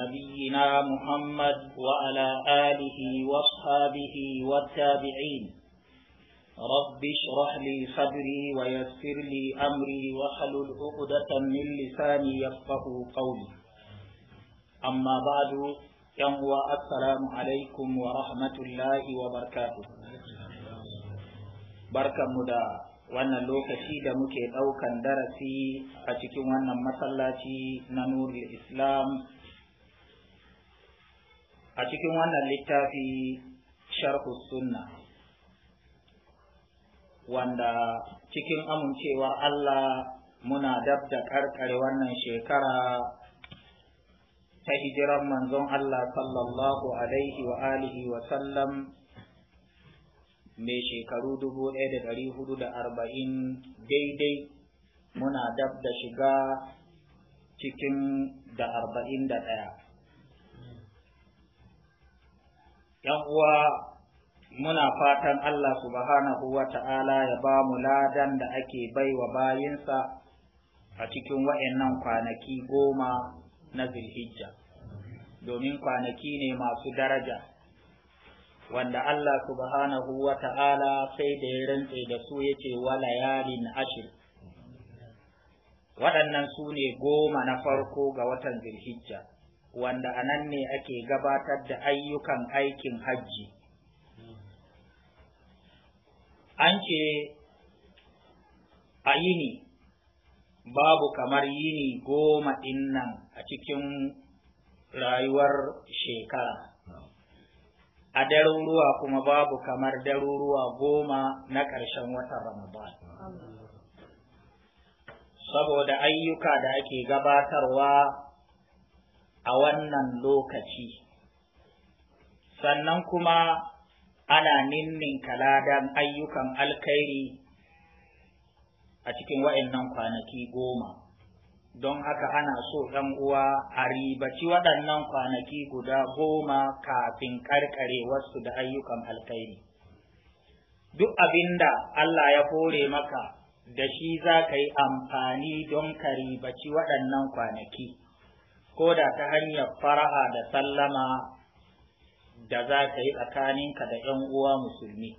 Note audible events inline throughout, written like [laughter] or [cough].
نبينا محمد وعلى آله واصحابه والتابعين رب اشرح لي صدري ويسر لي أمري واحلل عقدة من لساني يفقه قولي أما بعد يوم السلام عليكم ورحمة الله وبركاته بركة مدى wannan lokaci da muke ɗaukan darasi a cikin wannan masallaci na nurul islam a cikin wannan littafi sharhu sunna wanda cikin amincewar Allah muna dab da karkare wannan shekara ta hijiran manzon Allah sallallahu alaihi wa alihi wa sallam mai shekaru dubu ɗaya da ɗari hudu da arba'in daidai muna dab da shiga cikin da arba'in da ɗaya yan uwa muna fatan Allah subhanahu wa ta'ala ya ba mu ladan da ake baiwa bayinsa a cikin wa'annan kwanaki goma na zilhijja domin kwanaki ne masu daraja wanda Allah subhanahu wa ta'ala sai da ya rantse da su ya ce wa layalin ashir waɗannan su ne goma na farko ga watan zilhijja wanda anan nan ne ake gabatar da ayyukan aikin hajji an ce a yini babu kamar yini goma ɗin nan a cikin rayuwar shekara a daruruwa kuma babu kamar daruruwa goma na ƙarshen watan Ramadan. Saboda ayyuka da ake gabatarwa a wannan lokaci sannan kuma ana ninninka kaladan ayyukan alkhairi a cikin wa'annan kwanaki goma don haka ana so ɗan uwa a ribaci waɗannan kwanaki guda goma kafin wasu da ayyukan alkhairi duk abinda Allah ya hore maka da shi za ka yi amfani don ka ribaci waɗannan kwanaki ko da ta hanyar fara'a da sallama da za ka yi tsakaninka da ‘yan uwa musulmi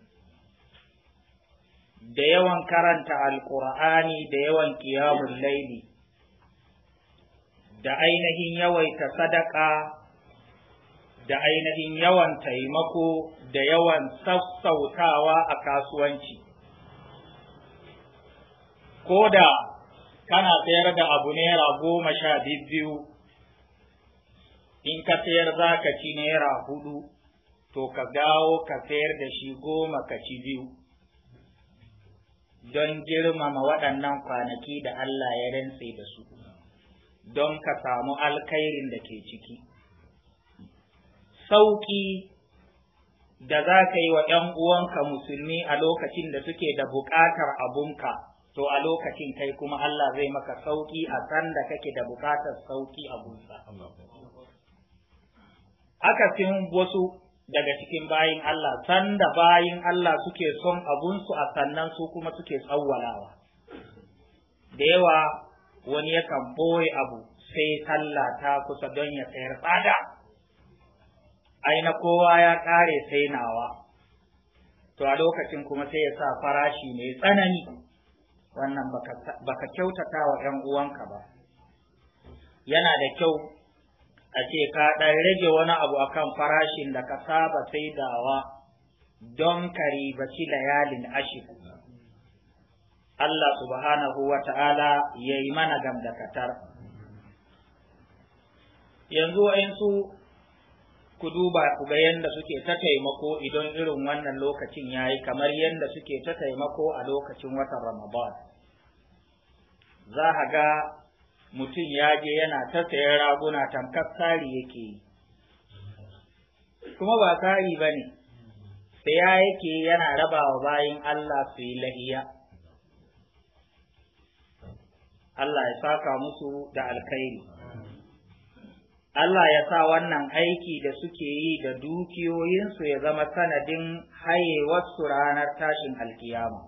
da yawan karanta alkur'ani da yawan kiyamun laili da ainihin yawaita sadaka da ainihin yawan taimako da yawan sassautawa a kasuwanci Koda da kana sayar da abu naira goma sha biyu in ka sayar za ka ci naira hudu to ka dawo ka sayar da shi goma ka ci biyu don girmama waɗannan kwanaki da Allah ya rantse da su don ka samu alkairin da ke ciki sauƙi da za ka yi wa ‘yan uwanka musulmi a lokacin da suke da buƙatar abunka to a lokacin kai kuma Allah zai maka sauƙi a san da kake da buƙatar sauƙi a gunsa. akasin wasu daga cikin bayin Allah sanda bayin Allah suke son abunsu a sannan su kuma suke tsawwalawa da yawa wani yakan boye abu sai sallah ta kusa don ya sayar tsada aina na kowa ya kare sai nawa to a lokacin kuma sai ya sa farashi mai tsanani wannan baka kyautata wa 'yan uwanka ba yana da kyau a ce ka ɗan rage wani abu akan farashin da ka saba saidawa don ka ribaci yalin ashir Allah subhanahu wa ta'ala ya yi mana gamdakatar yanzu wa'insu ku duba ku ga yadda suke ta taimako idan irin wannan lokacin ya yi kamar yadda suke ta taimako a lokacin watan ramadan za ga mutum ya je yana ta sayan raguna tamkar tsari yake yi kuma ba tsari ba ne saya yake yana raba wa bayan Allah su yi lahiya Allah ya saka musu da alkhairi Allah ya sa wannan aiki da suke yi da dukiyoyinsu ya zama sanadin hayewarsu ranar tashin alkiyama.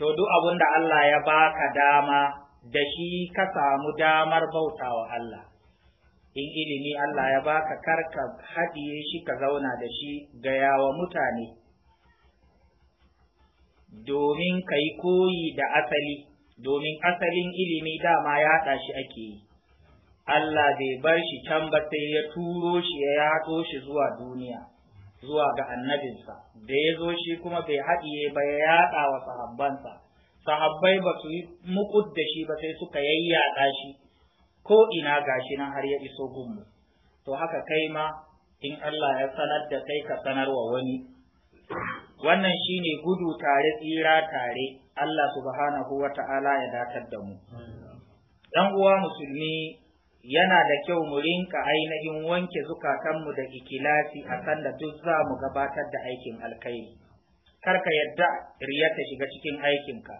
to duk abin da Allah ya baka dama da shi ka samu damar bauta wa Allah in ilimi Allah ya baka karka haɗiye shi ka zauna da shi ga yawa mutane domin ka yi koyi da asali domin asalin ilimi dama yaɗa shi ake yi Allah zai bar shi can ba sai ya turo shi ya yato shi zuwa duniya zuwa ga annabinsa da ya zo shi kuma bai haɗiye ba ya yaɗa wa sahabbansa sahabbai ba su yi mukud da shi ba sai suka yayyaɗa shi ko ina gashi nan har ya iso gunmu to haka kai ma in Allah ya sanar da kai ka sanar wa wani wannan shine gudu tare tsira tare Allah subhanahu wa ta'ala ya datar da mu dan uwa musulmi yana da kyau mu rinka ainihin wanke zukatanmu da ikilasi a da duk za mu gabatar da aikin alkhairi kar ka yadda riya ta shiga cikin aikinka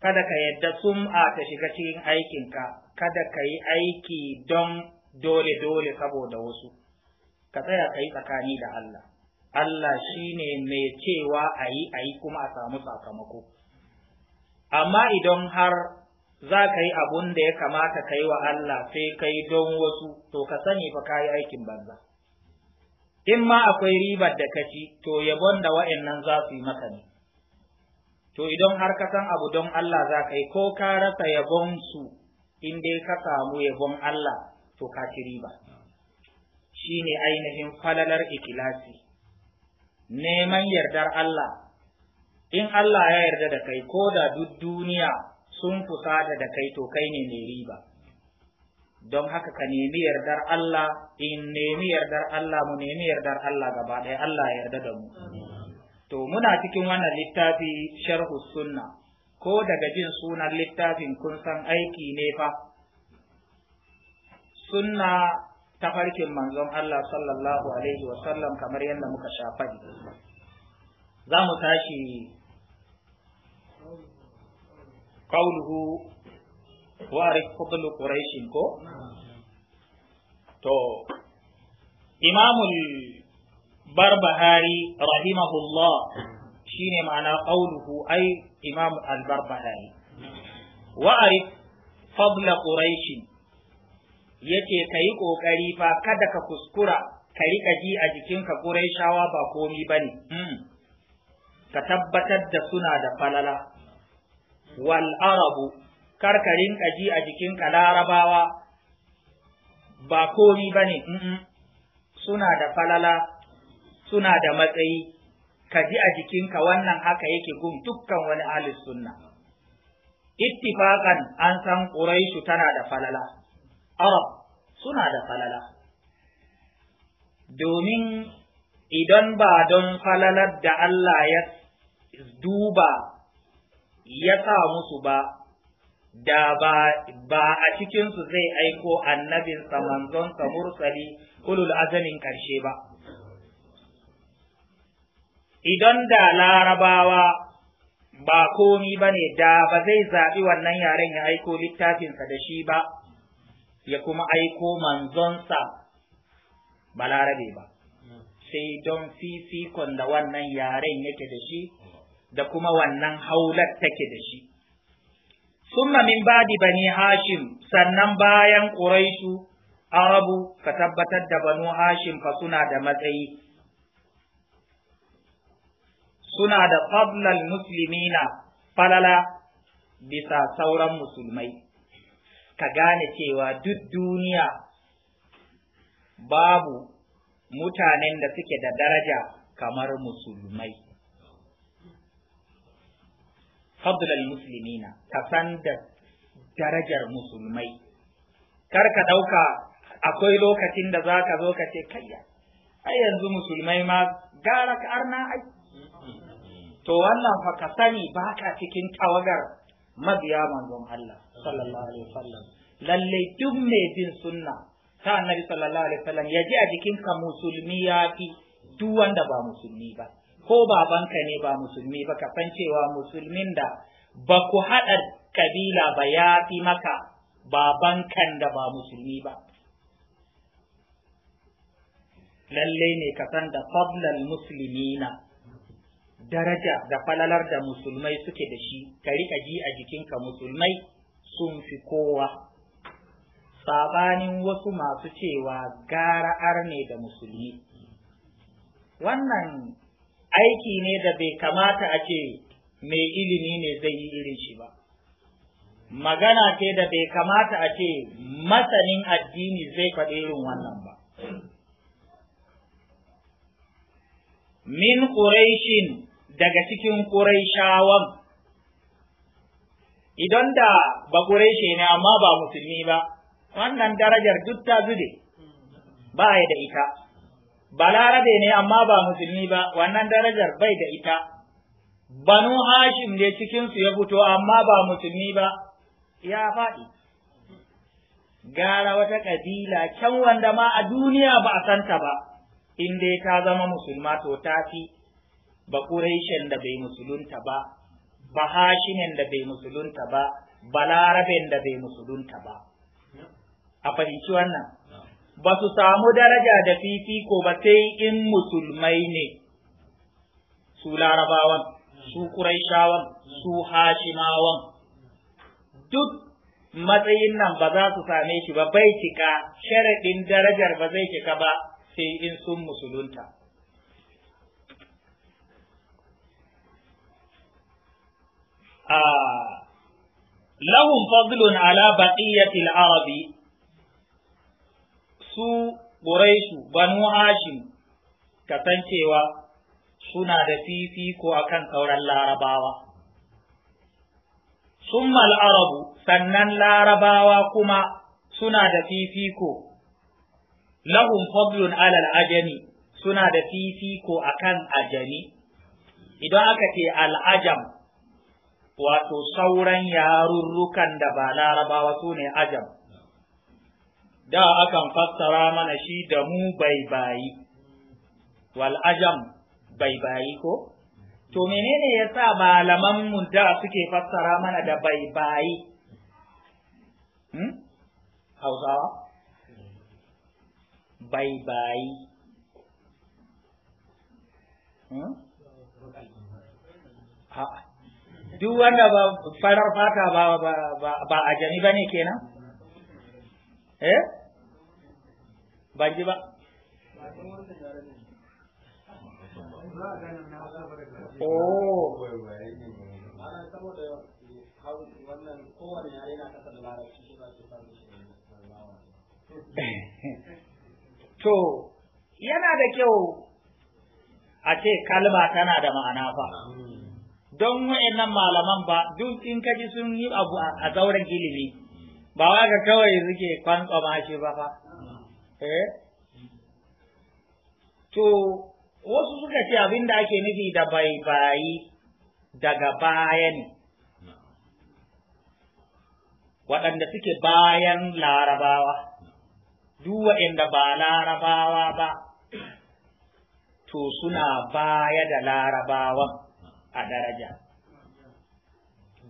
kada ka yadda sum'a ta shiga cikin aikinka kada ka yi aiki don dole dole saboda wasu ka tsaya ka yi tsakani da Allah Allah shi ne mai cewa a yi a yi kuma a samu sakamako amma idan har za ka yi abun da ya kamata ka yi wa Allah sai ka yi don wasu to ka sani fa ka yi aikin banza in ma akwai ribar da ka ci to yabon da wa'annan za su yi maka ne to idan har ka san abu don Allah za ka yi ko ka rasa yabon su in dai ka samu yabon Allah to ka ci riba Shi ne ainihin falalar ikilasi neman yardar Allah in Allah ya yarda da kai ko da duk duniya sun fusata da kai to kai ne mai riba don haka ka nemi yardar Allah in nemi yardar Allah mu nemi yardar Allah gaba ɗaya Allah ya yarda da mu to muna cikin wannan littafi sharhu sunna ko daga jin sunan littafin kun san aiki ne fa sunna ta farkin manzon Allah sallallahu alaihi wasallam kamar yadda muka sha faɗi za mu tashi qawluhu wa arif Quraishin ko to imamul barbahari rahimahullah shine ma'ana qauluhu ai imam al-barbahari wa arif fadla quraish yake kai kokari fa kada ka kuskura ka rika ji a jikinka quraishawa ba komi bane hmm. ka tabbatar da suna da falala wal arabu kar ka rinka ji a jikinka larabawa ba komi bane hmm. suna da falala suna da matsayi ka ji a jikinka wannan haka yake gun dukkan wani ahlus sunna ittifaqan an san quraishu tana da falala arab suna da falala domin idan ba don falalar da Allah ya duba ya sa musu ba da ba a cikinsu zai aiko annabinsa manzonsa mursali ulul azamin ƙarshe ba idan da larabawa ba komi ba ne da ba zai zaɓi wannan yaren ya aiko littafinsa da shi ba ya kuma aiko manzonsa ba larabe ba sai don fifikon da wannan yaren yake da shi da kuma wannan haular take da shi summa min badi bani hashim sannan bayan ƙuraishu arabu ka tabbatar da banu hashim fa suna da matsayi suna da fadlal muslimina falala bisa sauran musulmai ka gane cewa duk duniya babu mutanen da suke da daraja kamar musulmai fadlal muslimina ka san da darajar musulmai kar ka ɗauka akwai lokacin da za ka zo ka ce kayya ai yanzu musulmai ma gara ka arna ai to wannan fa ka sani baka cikin tawagar mabiya manzon Allah sallallahu alaihi wasallam lalle duk mai bin sunna ta annabi sallallahu alaihi wasallam yaji a jikin ka musulmi yafi duk wanda ba musulmi ba ko babanka ne ba musulmi ba ka san cewa musulmin da ba ku haɗa kabila ba fi maka babankan da ba musulmi ba lalle ne ka san da fadlan muslimina daraja da falalar da musulmai suke da shi ka riƙa ji a jikinka musulmai sun fi kowa Sabanin wasu masu cewa gara arne da musulmi wannan aiki ne da bai kamata a ce mai ilimi ne zai yi irin shi ba magana ce da bai kamata a ce masanin addini zai faɗi irin wannan ba min ƙuraishin daga cikin Qurayshawan idan da ba Qurayshi ne amma ba musulmi ba wannan darajar duk ta zube ba ya da ita balarabe ne amma ba musulmi ba wannan darajar bai da ita banu hashim ne cikinsu ya fito amma ba musulmi ba ya faɗi gara wata ƙabila can wanda ma a duniya ba a santa ba in dai ta zama musulma to ta fi ba da bai musulunta ba ba hashimin da bai musulunta ba balaraben da bai musulunta ba a fahimci wannan ba su samu daraja da fifiko ba sai in musulmai ne su larabawan su ƙureshawan su hashimawan duk matsayin nan ba za su same shi ba bai cika sharaɗin darajar ba zai cika ba sai in sun musulunta lahun fadlun ala baqiyatil arabi su Quraishu banu Hashim kasancewa suna da fifiko akan sauran larabawa summa al-arabu sannan larabawa kuma suna da fifiko lahum fadlun ala al-ajami suna da fifiko akan ajami idan aka ce al-ajam wato sauran yarurrukan da ba larabawa su ne ajam da akan fassara mana shi da mu baibayi wal ajam baibayi ko to menene yasa malaman mu da suke fassara mana da baibayi hmm? hausawa baibayi hmm? ha duk wanda ba farar fata ba ba a jami ba ne ke nan? eh ba ji ba Oh. [laughs] To, yana da kyau a ce kalma tana da ma'ana fa. don wa'annan malaman ba duk in kaji sun yi abu a zauren ilimi ba wa ga kawai suke kwantsa ba shi ba fa eh to wasu suka ce abin da ake nufi da bai bayi daga baya ne waɗanda suke bayan larabawa duk waɗanda ba larabawa ba to suna baya da larabawan a daraja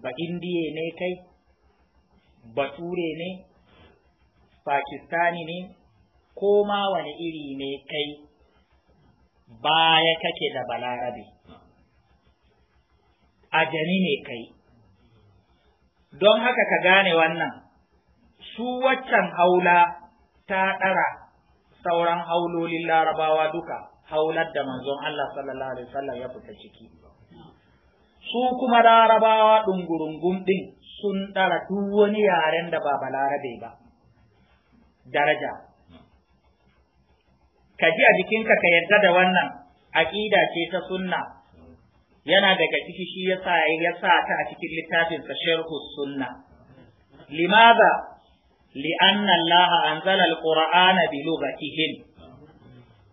ba indiye ne kai ba Ture ne pakistani ne ko ma wani iri ne kai baya kake da balarabe ajami ne kai don haka ka gane wannan su waccan haula ta ɗara sauran haulolin larabawa duka haular da manzon Allah sallallahu alaihi wasallam ya fita ciki su kuma larabawa ɗungurungun ɗin sun ɗara duk wani yaren da ba balarabe ba daraja ka ji a jikinka ka yarda da wannan aƙida ce ta sunna yana daga ciki shi ya sa ya sa ta a cikin littafinsa sharhu sunna limaza Li'annan Allah anzala al bi lughatihim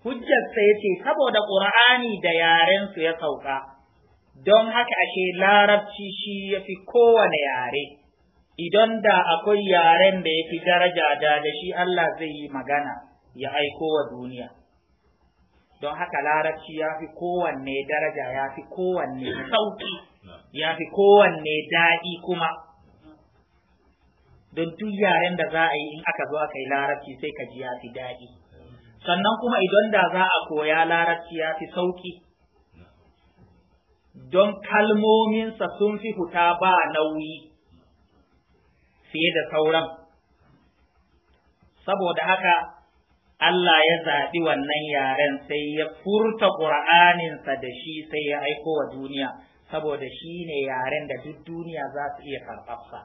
hujjar sa yace saboda qur'ani da yaren su ya sauka don haka ashe larabci shi ya fi kowane yare idan da akwai yaren da ya fi daraja da da shi Allah zai yi magana ya aiko wa duniya don haka larabci ya fi kowanne daraja ya fi kowanne sauki ya fi kowanne daɗi kuma don duk yaren da za a yi in aka zo aka yi larabci sai ka ji ya fi daɗi sannan kuma idan da za a koya larabci ya fi sauki don kalmominsa sun fi fita ba nauyi fiye da sauran saboda haka Allah ya zaɓi wannan yaren sai ya furta ƙura'aninsa da shi sai ya aiko wa duniya saboda shi ne yaren da duk duniya za su iya karɓarsa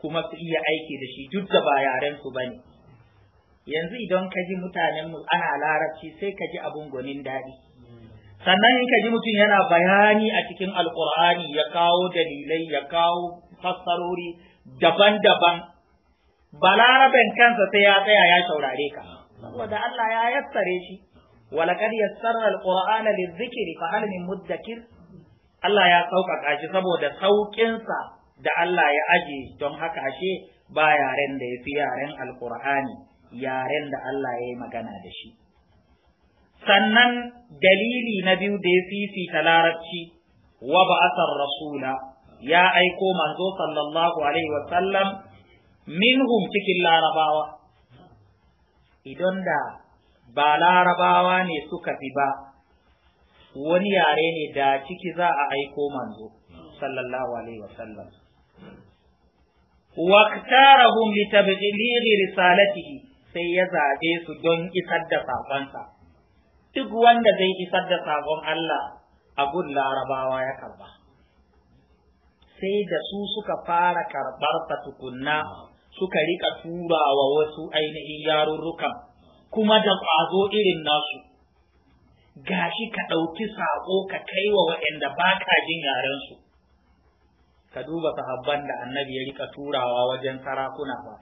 kuma su iya aiki da shi duk da ba yaren su ba ne yanzu idan ka ji mutanenmu ana larabci sai ka ji abun gwanin daɗi sannan in ka ji mutum yana bayani a cikin alkur'ani ya kawo dalilai ya kawo fassarori daban-daban balaraben kansa sai ya tsaya ya saurare ka saboda Allah ya yassare shi walaqad yassara alqur'ana lizikri fa hal min muddakir Allah ya sauƙaƙa shi saboda sauƙinsa da Allah ya aje don haka ashe ba yaren da ya fi yaren alqur'ani yaren da Allah ya yi magana da shi sannan dalili na biyu da ya fifita larabci wa ba'asar rasula ya aiko manzo sallallahu alaihi wa sallam minhum cikin larabawa idan da ba larabawa ne suka fi ba wani yare ne da ciki za a aiko manzo sallallahu alaihi wa sallam waktarahum litablighi risalatihi sai ya zabe su don isar da sakonsa duk wanda zai isar da sabon Allah a gun larabawa ya karba sai da su suka fara karbar sa tukunna suka rika tura wa wasu ainihin yarurrukan kuma da ƙwazo irin nasu gashi ka ɗauki saƙo ka kai wa waɗanda ba ka jin yarensu ka duba sahabban da annabi ya rika turawa wajen sarakuna ba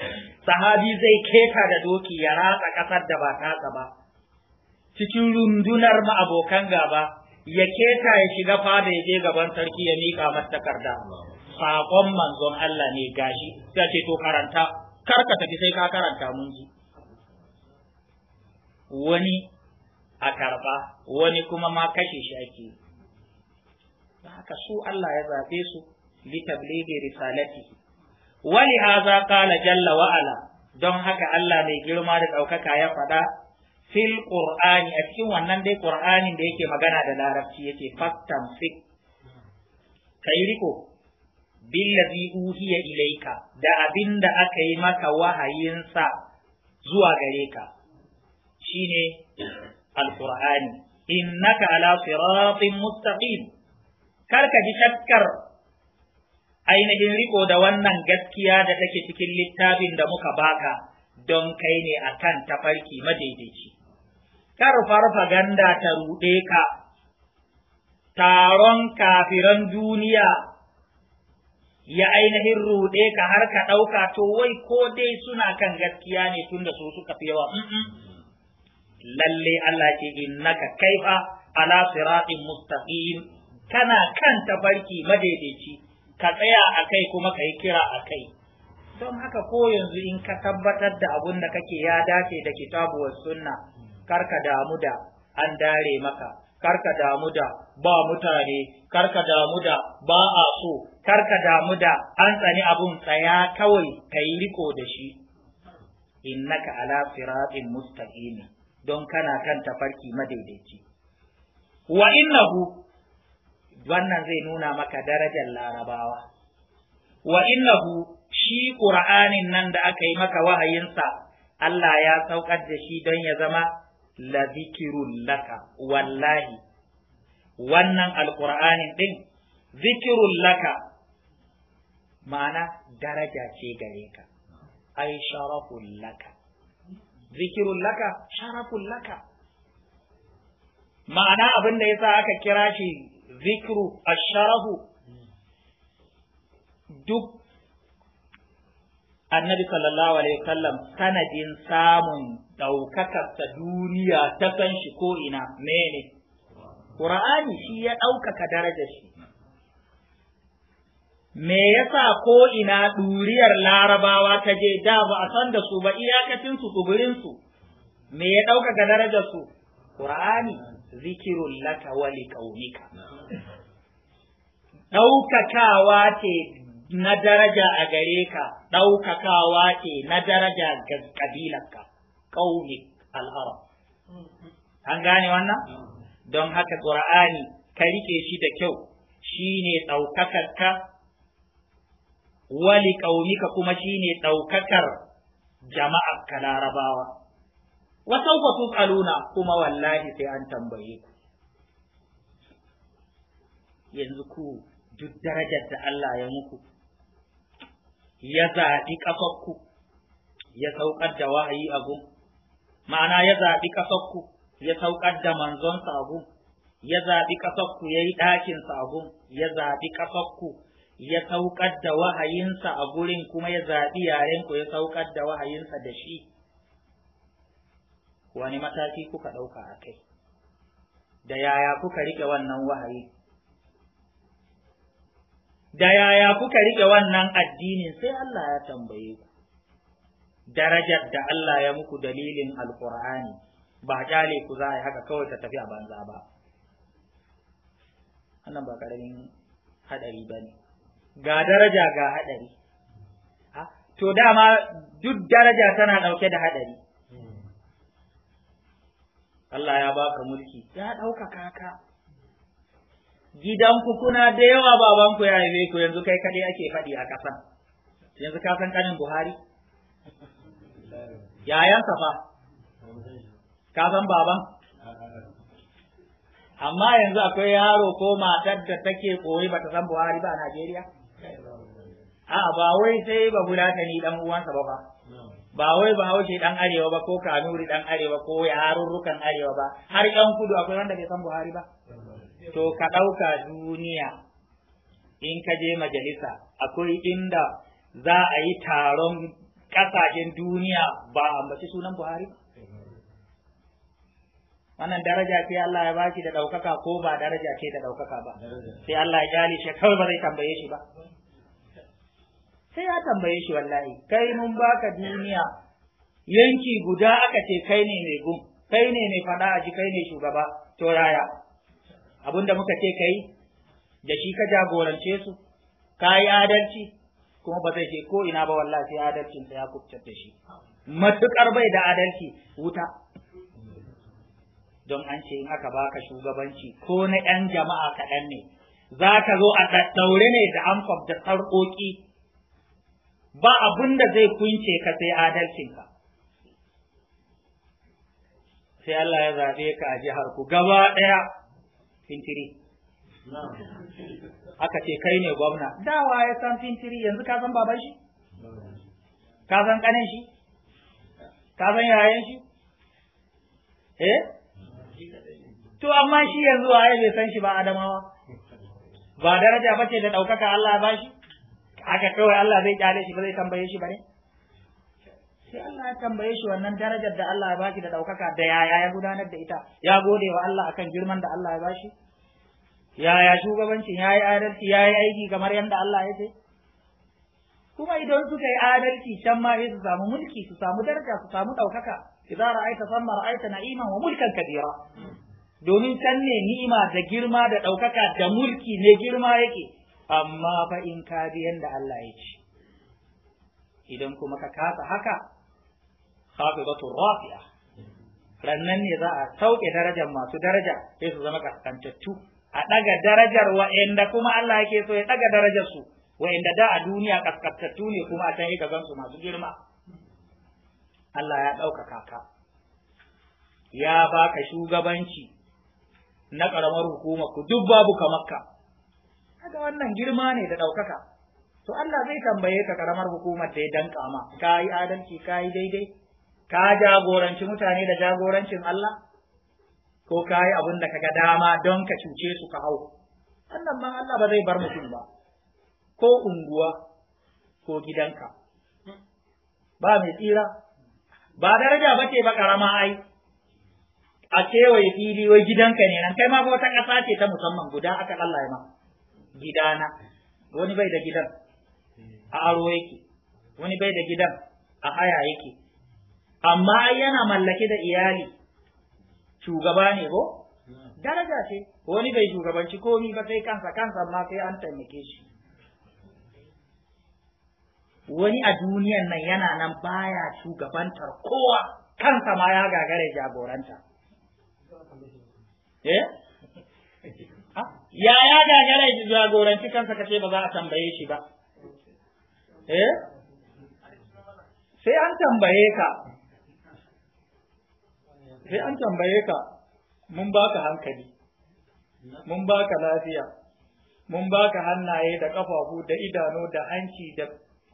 sahabi zai keta da doki ya ratsa ƙasar da ba ta ba cikin rundunar ma'abokan gaba ya keta ya shiga fada ya je gaban sarki ya miƙa masa takarda saƙon manzon Allah ne gashi sai ce to karanta kar ka tafi sai ka karanta mun ji wani a karba wani kuma ma kashe shi ake haka su Allah ya zaɓe su li tablighi risalati li haza qala jalla wa ala don haka Allah mai girma da ɗaukaka ya faɗa fil qur'ani a cikin wannan dai qur'anin da yake magana da larabci yake fastamsik kai riko billazi uhiya ilaika da abinda aka yi maka wahayinsa zuwa gare ka shine alqur'ani innaka ala siratin mustaqim kar ka ji shakkar ainihin riko da wannan gaskiya da take cikin littafin da muka baka don kai ne akan tafarki madaidaici rufa ganda ta ruɗe ka, taron kafiran duniya ya ainihin ruɗe ka har ka ɗauka to wai ko dai suna kan gaskiya ne tunda su suka fi yawa. Lalle Allah ce innaka kaifa ala siratin mustaqim kana kan tafarki madaidaici ka tsaya a kai kuma ka yi kira a kai. Don haka ko yanzu in ka tabbatar da abun da kake ya dace da kitabu kitabuwar sunna karka damu da an dare maka karka damu da ba mutane karka damu da ba a so karka damu da an tsani abun tsaya kawai ka yi riko da shi innaka ala siratin mustaqimi don kana kan tafarki madaidaici wa innahu wannan zai nuna maka darajar larabawa wa innahu shi qur'anin nan da aka yi maka wahayinsa Allah ya saukar da shi don ya zama la zikirun laka wallahi wannan alƙur'anin ɗin zikirun laka ma'ana daraja ce gare ka ai sharafun laka zikirun laka sharafun laka ma'ana abin da yasa aka kira shi zikiru asharafu duk annabi sallallahu alaihi samun ɗaukakarsa duniya ta san shi ko ina mene ƙur'ani shi ya ɗaukaka darajar shi me yasa ko ina ɗuriyar larabawa ta je da ba a san da su ba iyakacinsu tsibirinsu me ya ɗaukaka darajar su ƙur'ani zikirun laka wali ƙaunika ɗaukakawa ce na daraja a gare ka ɗaukakawa ce na daraja ga ƙabilarka qaumik mm-hmm. al an gane wannan mm-hmm. don haka qur'ani ka rike shi da kyau shine ɗaukakarka wali qaumika kuma shine ɗaukakar jama'ar ka larabawa wa sawfa tus'aluna kuma wallahi sai an tambaye ku yanzu ku duk darajar da Allah ya muku ya zaɗi ƙafarku ya saukar da wa'ayi abu. ma'ana ya zaɓi ƙasarku ya saukar da manzon sagun ya zaɓi ƙasarku ya yi ɗakin sagun ya zaɓi ƙasarku ya saukar da wahayinsa a gurin kuma ya zaɓi yarenku ya saukar da wahayinsa da shi wani mataki kuka ɗauka a kai da yaya kuka riƙe wannan wahayi da yaya kuka riƙe wannan addinin sai Allah ya tambaye ku darajar da Allah ya muku dalilin alkur'ani ba kyale ku za a yi haka kawai ka tafi a banza ba wannan ba karamin hadari ba ne ga daraja ga hadari to dama duk daraja tana ɗauke da hadari Allah ya baka mulki ya ɗaukaka ka gidanku kuna da yawa babanku ya yi ku yanzu kai kaɗai ake faɗi a ƙasan yanzu ka san ƙanin Buhari yayansa fa ka san baban amma yanzu akwai yaro ko matar da take koyi bata san Buhari ba a Najeriya a'a ba wai sai ba ni dan uwansa ba ba ba wai ba haushe dan arewa ba ko kanuri dan arewa ko yarurrukan arewa ba har yan kudu akwai wanda bai san Buhari ba to ka ɗauka duniya in ka je majalisa akwai inda za a yi taron kasashen duniya ba a ambaci sunan buhari wannan daraja ce Allah ya bashi da ɗaukaka ko ba daraja ce da ɗaukaka ba sai Allah ya jali shi kawai ba zai tambaye shi ba sai ya tambaye shi wallahi kai mun baka duniya yanki guda aka ce kai ne mai gum kai ne mai faɗa ji, kai ne shugaba to yaya abinda muka ce kai da shi ka jagorance su ka yi adalci kuma ba zai je ko ina ba wallahi sai adalcin ya kubtar da shi matukar bai da adalci wuta don an ce in aka baka shugabanci ko na yan jama'a kaɗan ne za ka zo a daddaure ne da an da sarƙoƙi ba abun da zai kunce ka sai adalcinka sai Allah ya zaɓe ka a jihar ku gaba ɗaya fintiri aka ce kai ne gwamna dawa ya san fintiri yanzu ka san baban shi ka san kanin shi ka san yayan shi eh to amma shi yanzu waye bai san shi ba adamawa ba daraja ba ce da ɗaukaka Allah ba shi aka kawai Allah zai kyale shi ba zai tambaye shi ba ne sai Allah ya tambaye shi wannan darajar da Allah ya bashi da ɗaukaka da yaya ya gudanar da ita ya gode wa Allah akan girman da Allah ya bashi yaya shugabancin ya yi adalci ya yi aiki kamar yadda Allah ya ce kuma idan suka yi adalci can ma su samu mulki su samu daraja su samu ɗaukaka idza ra'aita samma ra'aita na'iman wa mulkan kabira domin can ne ni'ima da girma da ɗaukaka da mulki ne girma yake amma fa in ka bi yanda Allah ya ce idan kuma ka kasa haka khafidatu rafi'a rannan ne za a sauke darajar masu daraja sai su zama kaskantattu a ɗaga darajar inda kuma Allah yake so ya ɗaga darajar su inda da a duniya kaskantattu ne kuma a can yi gansu masu girma Allah ya ɗaukaka ka ya baka shugabanci na ƙaramar hukuma ku duk babu makka kaga wannan girma ne da ɗaukaka to Allah zai tambaye ka ƙaramar hukumar da ya danka ma ka yi adalci ka yi daidai ka jagoranci mutane da jagorancin Allah ko ka yi abin da kaga dama don ka cuce su ka hau wannan ma Allah ba zai bar mutum ba ko unguwa ko gidanka ba mai tsira ba daraja ba ce ba karama ai a kewaye fili wai gidanka ne nan kai ma wata ƙasa ce ta musamman guda aka Allah ya ma gidana wani bai da gidan a aro yake wani bai da gidan a haya yake amma ai yana mallake da iyali shugaba ne ko hmm. daraja ce wani bai shugabanci komi ba sai kansa kansa ma sai an taimake shi wani a duniyan nan yana nan baya shugabantar kowa kansa ma ya gagare jagoranta eh ya ya gagare jagoranci kansa kace ba za a tambaye shi ba eh sai an tambaye ka sai an tambaye ka mun baka hankali mun baka lafiya mun baka hannaye da ƙafafu da idanu da hanci da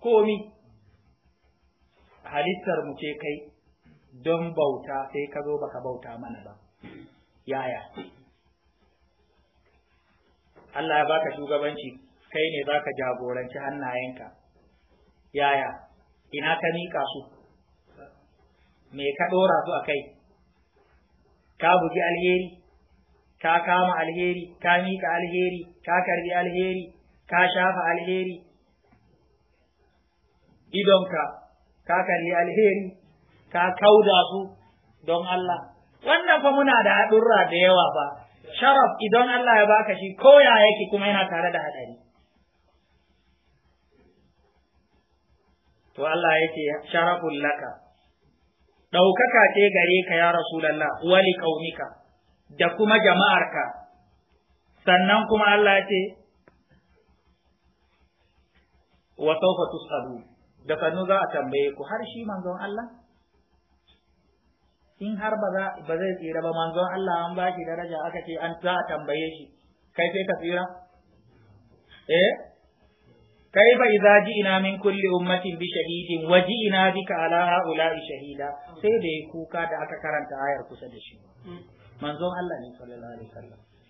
komi halittar mu ce kai don bauta sai ka zo baka bauta mana ba yaya Allah ya baka shugabanci kai ne zaka jagoranci hannayenka yaya ina ka miƙa su me ka ɗora su a kai ka bugi alheri ka kama alheri ka miƙa alheri ka karbi alheri ka shafa alheri idonka ka kalli alheri ka kauda su don Allah wannan fa muna da haɗurra da yawa ba sharaf idan Allah ya baka shi ya yake kuma yana tare da haɗari to Allah yake sharafun laka ɗaukaka ce gare ka ya rasulallah wali kaunika, da kuma jama'arka sannan kuma Allah ce wa sawfa tus'alu da sannu za a tambaye ku har shi manzon Allah in har ba za ba zai tsira ba manzon Allah an ba shi daraja aka ce an za a tambaye shi kai sai ka tsira eh kaifa idza ji'na min kulli ummatin bi shahidin wa ji'na bika ala ha'ula'i shahida sai da ya kuka da aka karanta ayar kusa da shi manzon Allah ne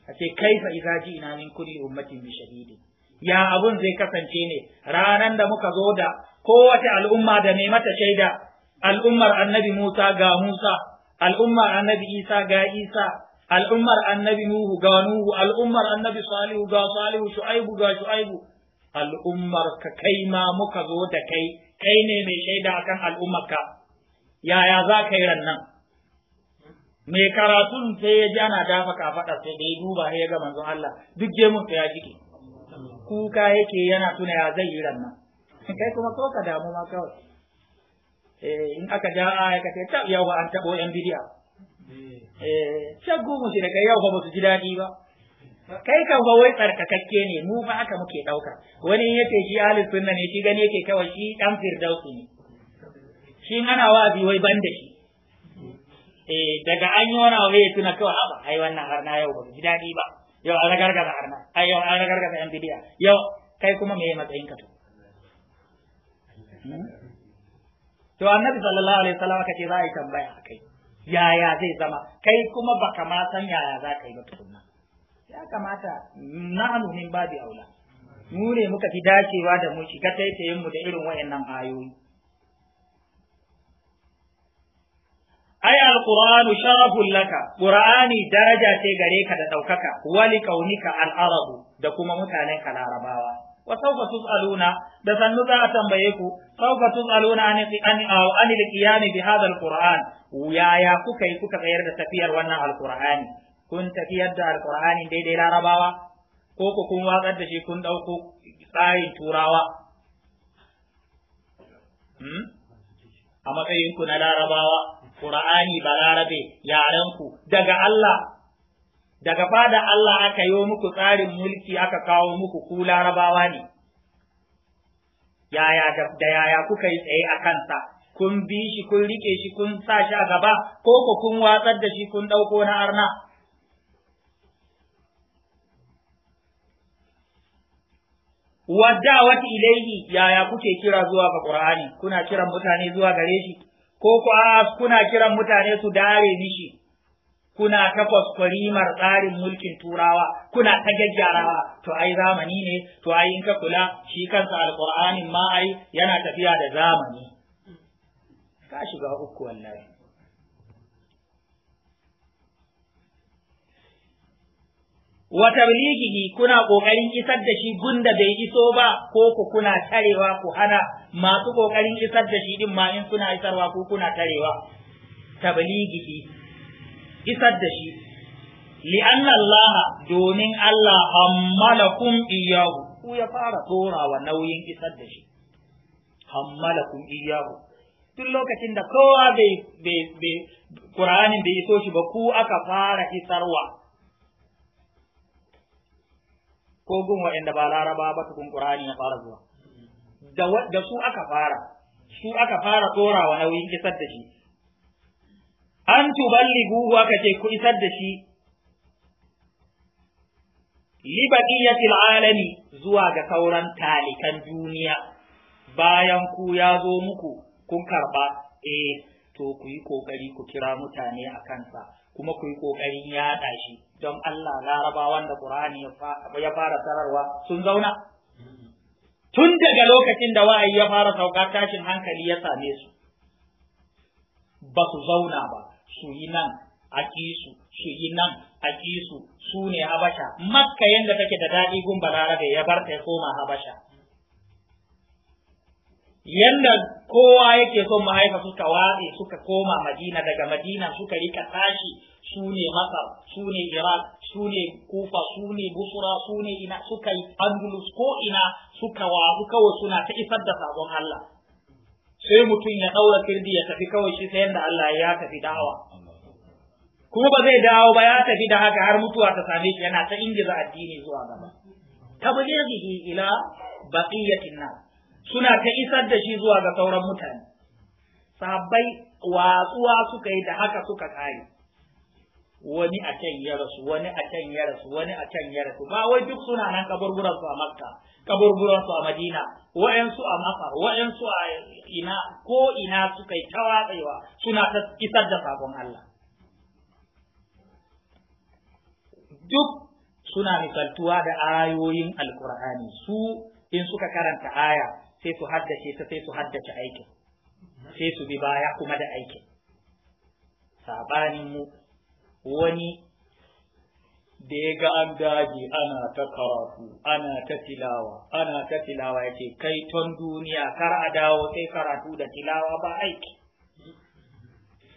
a ce kaifa idza ji'na min kulli ummatin bi shahidin ya abun zai kasance ne Ranar da muka zo da kowace al'umma da ne mata shaida al'ummar annabi Musa ga Musa al'ummar annabi Isa ga Isa al'ummar annabi Nuhu ga Nuhu al'ummar annabi Salihu ga Salihu Shu'aibu ga Shu'aibu Al'ummar ka kai ma muka zo da kai kai ne mai shaida akan al'ummarka yaya za ka yi rannan mai karatun sai ya ji ana dafa kafaɗa sai da ya duba ya ga manzon Allah duk je mun ya jike kuka yake yana tuna ya zai yi rannan [laughs] kai kuma ko ka damu ma kawai eh, in aka ja a ka ce yau ba an taɓo yan bidiya eh, eh shaggu mu shi daga yau ba su ji daɗi ba kai kan fa wai tsarkakakke ne mu fa haka muke ɗauka wani ce shi ahlus sunna ne shi gani yake kawai shi dan firdausi ne shi ana wa'azi wai ban da shi eh daga an yi wani wai tuna kawai haba ai wannan harna yau ba ji daɗi ba yau an ragargaza harna ai yau an gargaza yan bidiya yau kai kuma me matsayin ka to hmm? to annabi sallallahu alaihi wasallam ka ce za a yi tambaya kai yaya zai zama kai kuma baka ma san yaya za ka yi ba tukunna ya kamata babu min babi aula mu ne muka fi dacewa da mu shiga taitayin mu da irin wayannan ayoyi ai alquranu sharafun laka qur'ani daraja ce gare ka da daukaka wali kaunika al da kuma mutanen ka larabawa وسوف تسألون an ذا تنبيكو سوف تسألون عن عن القيام بهذا kuka yi kuka كوكا da tafiyar wannan al القرآن kun tafiyar da alƙur'ani daidai larabawa ko ku kun watsar da shi kun ɗauko tsarin turawa hmm? a matsayinku na larabawa ƙur'ani ba larabe yarenku daga Allah daga fada Allah aka yi muku tsarin mulki aka kawo muku ku larabawa ne yaya da yaya kuka yi tsaye a kansa kun bi shi kun rike shi kun sa shi a gaba ko ku kun watsar da shi kun ɗauko na arna wadda ilaihi yaya kuke kira zuwa ga qur'ani kuna kiran mutane zuwa gare shi ko ku kuna kiran mutane su dare mishi kuna ta kwarimar tsarin mulkin turawa kuna ta gaggarawa to ai zamani ne to ai in ka kula shi kansa alqur'anin ma ai yana tafiya da zamani ka shiga uku wallahi wa tablighihi kuna kokarin isar da shi gunda bai iso ba ko ku kuna tarewa ku hana masu kokarin isar da shi din ma in kuna isarwa ko kuna tarewa tablighihi isar da shi anna Allah domin Allah hammalakum iyyahu ku ya fara tsorawa nauyin isar da shi hammalakum iyyahu Tun lokacin da kowa bai bai bai bai iso shi ba ku aka fara isarwa ko gun waɗanda ba laraba ba tukun qur'ani ya fara zuwa da su aka fara su aka fara nauyin isar da shi an tuballighu aka ce ku isar da shi li baqiyatil alami zuwa ga sauran talikan duniya bayan ku ya zo muku kun karba eh to ku yi kokari ku kira mutane a kansa kuma ku yi ƙoƙarin yaɗa shi don Allah larabawan da Qur'ani ya fara sararwa sun zauna tun daga lokacin da wa'ayi ya fara sauka tashin hankali ya same su ba su zauna ba su yi nan a su su yi nan a su su ne habasha makka yadda take da daɗi gun balarabe ya bar ta ya koma habasha yanda kowa yake son mahaifa suka watse suka koma madina daga madina suka rika tashi su ne masar su ne iraq su ne kufa su ne busura su ne ina suka yi andalus ko ina suka wazu kawai suna ta isar da sabon allah sai mutum ya ɗaura sirdi ya tafi kawai shi sai yanda allah ya tafi dawa kuma ba zai dawo ba ya tafi da haka har mutuwa ta same shi yana ta ingiza addini zuwa gaba tablighihi ila baqiyatin nas suna ta isar da shi zuwa ga sauran mutane sahabbai watsuwa suka yi da haka suka kare wani a can ya rasu wani a can ya rasu wani a can ya rasu ba wai duk suna nan kaburburan su a makka kaburburan su a madina wa'ansu a maka wa'ansu a ina ko ina suka yi tawatsewa suna ta isar da sabon Allah duk suna misaltuwa da ayoyin alkur'ani su in suka karanta aya sai su haddace ta sai su haddace aikin sai su bi baya kuma da aikin sabanin mu wani da ya ga an dage ana ta karatu ana ta tilawa ana ta tilawa ya ce kai ton duniya kar a dawo sai karatu da tilawa ba aiki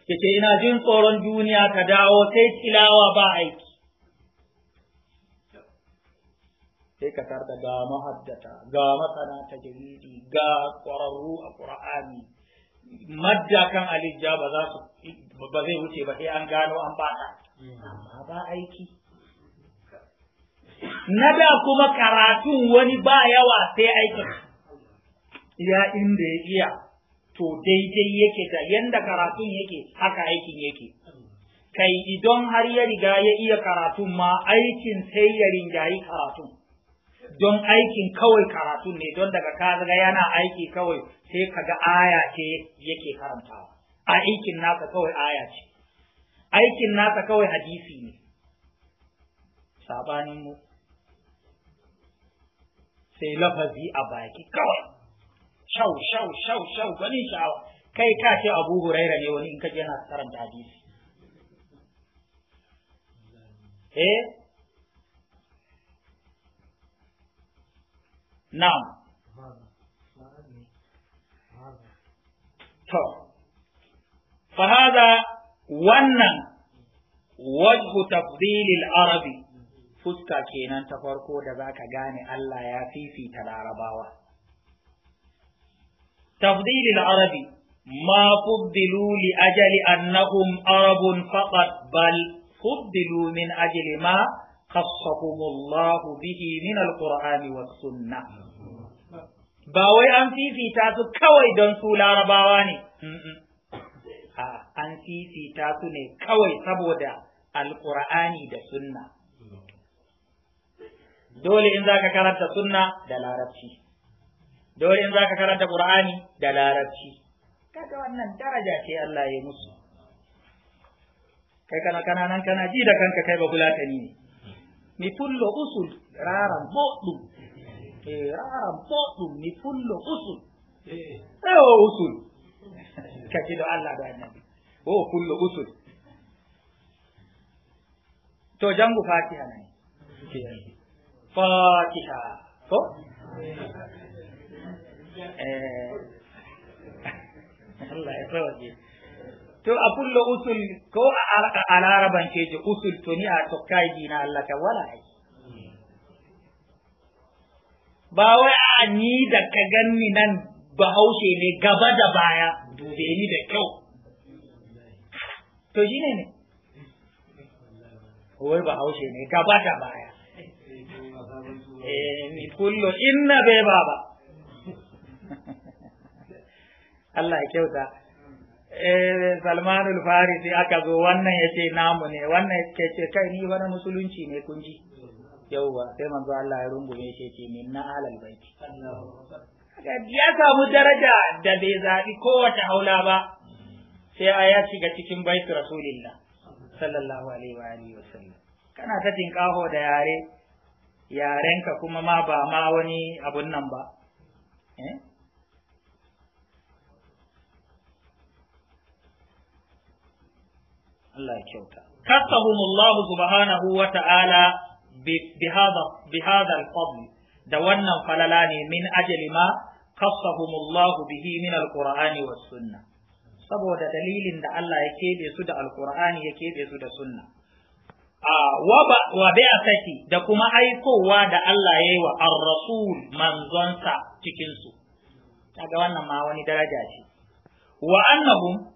ya ce ina jin tsoron duniya ta dawo sai tilawa ba aiki sai ka tarda ga haddata, ga masana ta jaridi ga ƙwararru a ƙur'ani madda kan alijja ba za su ba zai wuce ba sai an gano an bata amma ba aiki na da kuma karatun wani ba yawa sai aikin ya inda ya iya to daidai yake da yanda karatun yake haka aikin yake kai idan har ya riga ya iya karatun ma aikin sai ya ringayi karatun don aikin kawai karatu ne don daga ka zaga yana aiki kawai sai kaga aya ce yake karantawa aikin nasa kawai aya ce aikin nasa kawai hadisi ne sabanin mu sai lafazi a baki kawai shau shau shau shau gani sha'awa kai ka ce abu huraira ne wani in kaje yana karanta hadisi eh na'am to fahaza wannan wajhu tafdilil arabi fuska kenan ta farko da zaka gane Allah ya fifita larabawa tafdilil arabi ma fuddilu li ajali annahum arabun faqat bal fuddilu min ajli ma خصهم الله به من القرآن والسنة ba wai an fifita su kawai don su larabawa ne an fifita su ne kawai saboda alƙur'ani da sunna dole in za ka karanta sunna da larabci dole in za ka karanta ƙur'ani da larabci kaga wannan daraja ce Allah ya musu kai kana kananan kana ji da kanka kai ba ni ne mi fullo usul raran boɗɗum e eh, raran boɗɗum mi fullo usul e eh, eh, o oh, usul [laughs] kakiɗo allah ɗo annabi o oh, fullo usul to jangu fatiha nani fatiha ko [laughs] allah e tawaje to a kullo usul ko a laraban ce ce usul to ni a tokkaji na Allah ka wala ai ba wai a ni da ka ganni nan bahaushe ne gaba da baya dube ni da kyau to shi ne ne. wai bahaushe ne gaba da baya eh ni kullo inna bai baba [laughs] Allah ya kyauta Eh, Salman fari farisi aka zo wannan ya ce namu ne wannan ya ce kai ni wani musulunci ne kun ji yauwa sai manzo Allah ya rungume shi ce min na alal baiti ya samu daraja da bai zaɓi kowace haula ba sai a ya shiga cikin baiti rasulillah sallallahu alaihi wa alihi wasallam kana ta tinkaho da yare yarenka kuma ma ba ma wani abun nan ba eh? Allah ya kyauta subhanahu wa ta'ala bi hadha al da wannan falala ne min ajali ma kasahumullahu bihi min al-qur'ani was sunnah saboda dalilin da Allah ya keɓe su da alkur'ani ya keɓe su da sunna wa a saki da kuma aikowa da Allah ya yi wa ar-rasul manzonsa cikinsu kaga wannan ma wani daraja ce wa annahum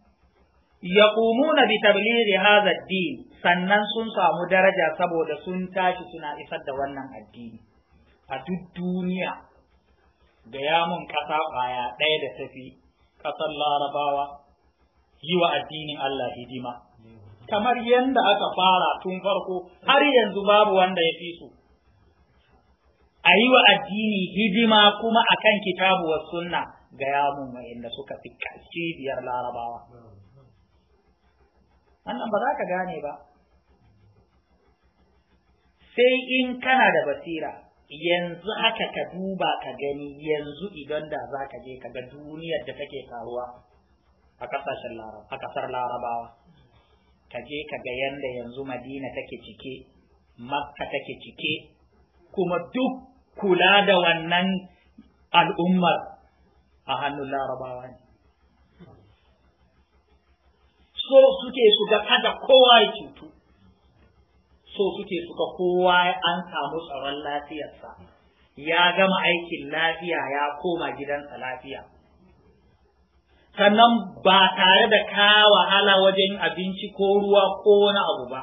yaqumuna bi tablighi hadha ad-din sannan sun samu daraja saboda sun tashi suna isar da wannan addini a duk duniya da yamun ƙasa ƙwaya ɗaya da tafi ƙasar larabawa yi wa Allah hidima kamar yadda aka fara tun farko har yanzu babu wanda ya fi su a yi addini hidima kuma akan kitabu wa sunna ga yamun wa'inda suka fi cibiyar larabawa wannan ba za ka gane ba sai in kana da basira yanzu haka ka duba ka gani yanzu idan da za ka je ka ga duniyar da take faruwa a kasashen a kasar larabawa ka je ka ga yanda yanzu madina take cike makka take cike kuma duk kula da wannan al'ummar a hannun larabawa ne so suke su ga kada kowa ya cutu so suke suka kowa an samu tsaron lafiyarsa ya gama aikin lafiya ya koma gidansa lafiya sannan ba tare da ka wahala wajen abinci ko ruwa ko wani abu ba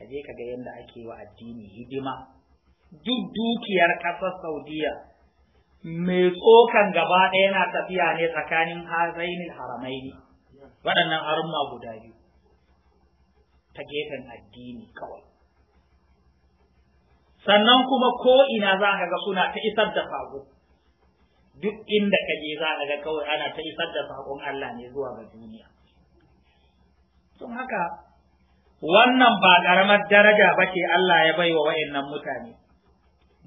ka je ka ga yadda ake wa addini hidima duk dukiyar ƙasar saudiya mai tsokan gaba ɗaya na tafiya ne tsakanin haramai haramaini waɗannan harumma guda biyu ta gefen addini kawai sannan kuma ko ina za ka ga suna ta isar da saƙo duk inda ka je za ka ga kawai ana ta isar da saƙon Allah ne zuwa ga duniya don haka wannan ba ƙaramar daraja ba ke Allah ya bai wa wa'annan mutane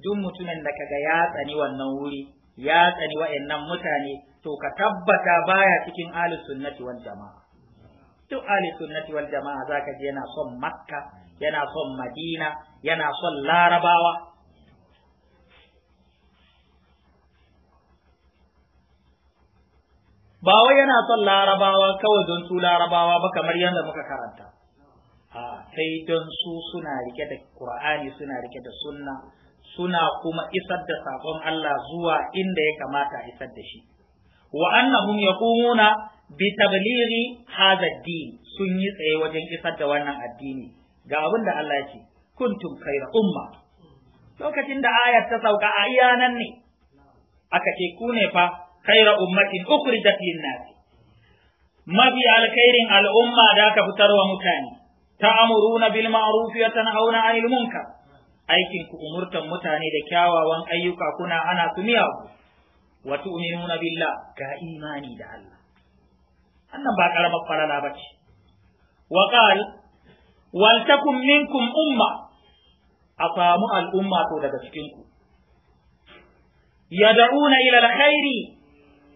duk mutumin da kaga ya tsani wannan wuri ya tsani wa'annan mutane to ka tabbata baya cikin ahli sunnati wal jama'a to ahli sunnati wal jama'a zaka je yana son makka yana son madina yana son larabawa ba wai yana son larabawa kawai don su larabawa ba kamar yadda muka karanta a ah, sai don su suna rike da qur'ani suna rike da sunna suna kuma isar da sakon Allah zuwa inda ya kamata a isar da shi wa annahum yaqumuna bi tablighi hadha ad-din sun yi tsaye wajen isar da wannan addini ga abin da Allah ya ce kuntum khayra umma lokacin da ayar ta sauka a iya nan ne aka ce ku ne fa khayra ummatin ukhrijat lin-nas mafi alkhairin al'umma da aka fitarwa mutane ta'amuruna bil ma'ruf wa tanhauna 'anil munkar aikin ku umurtan mutane da kyawawan ayyuka kuna ana su miyagu wa tu'minuna billah ga imani da Allah annan ba karamar falala bace wa qal wal takum minkum umma a samu al'umma to daga cikin ku yad'una ila alkhairi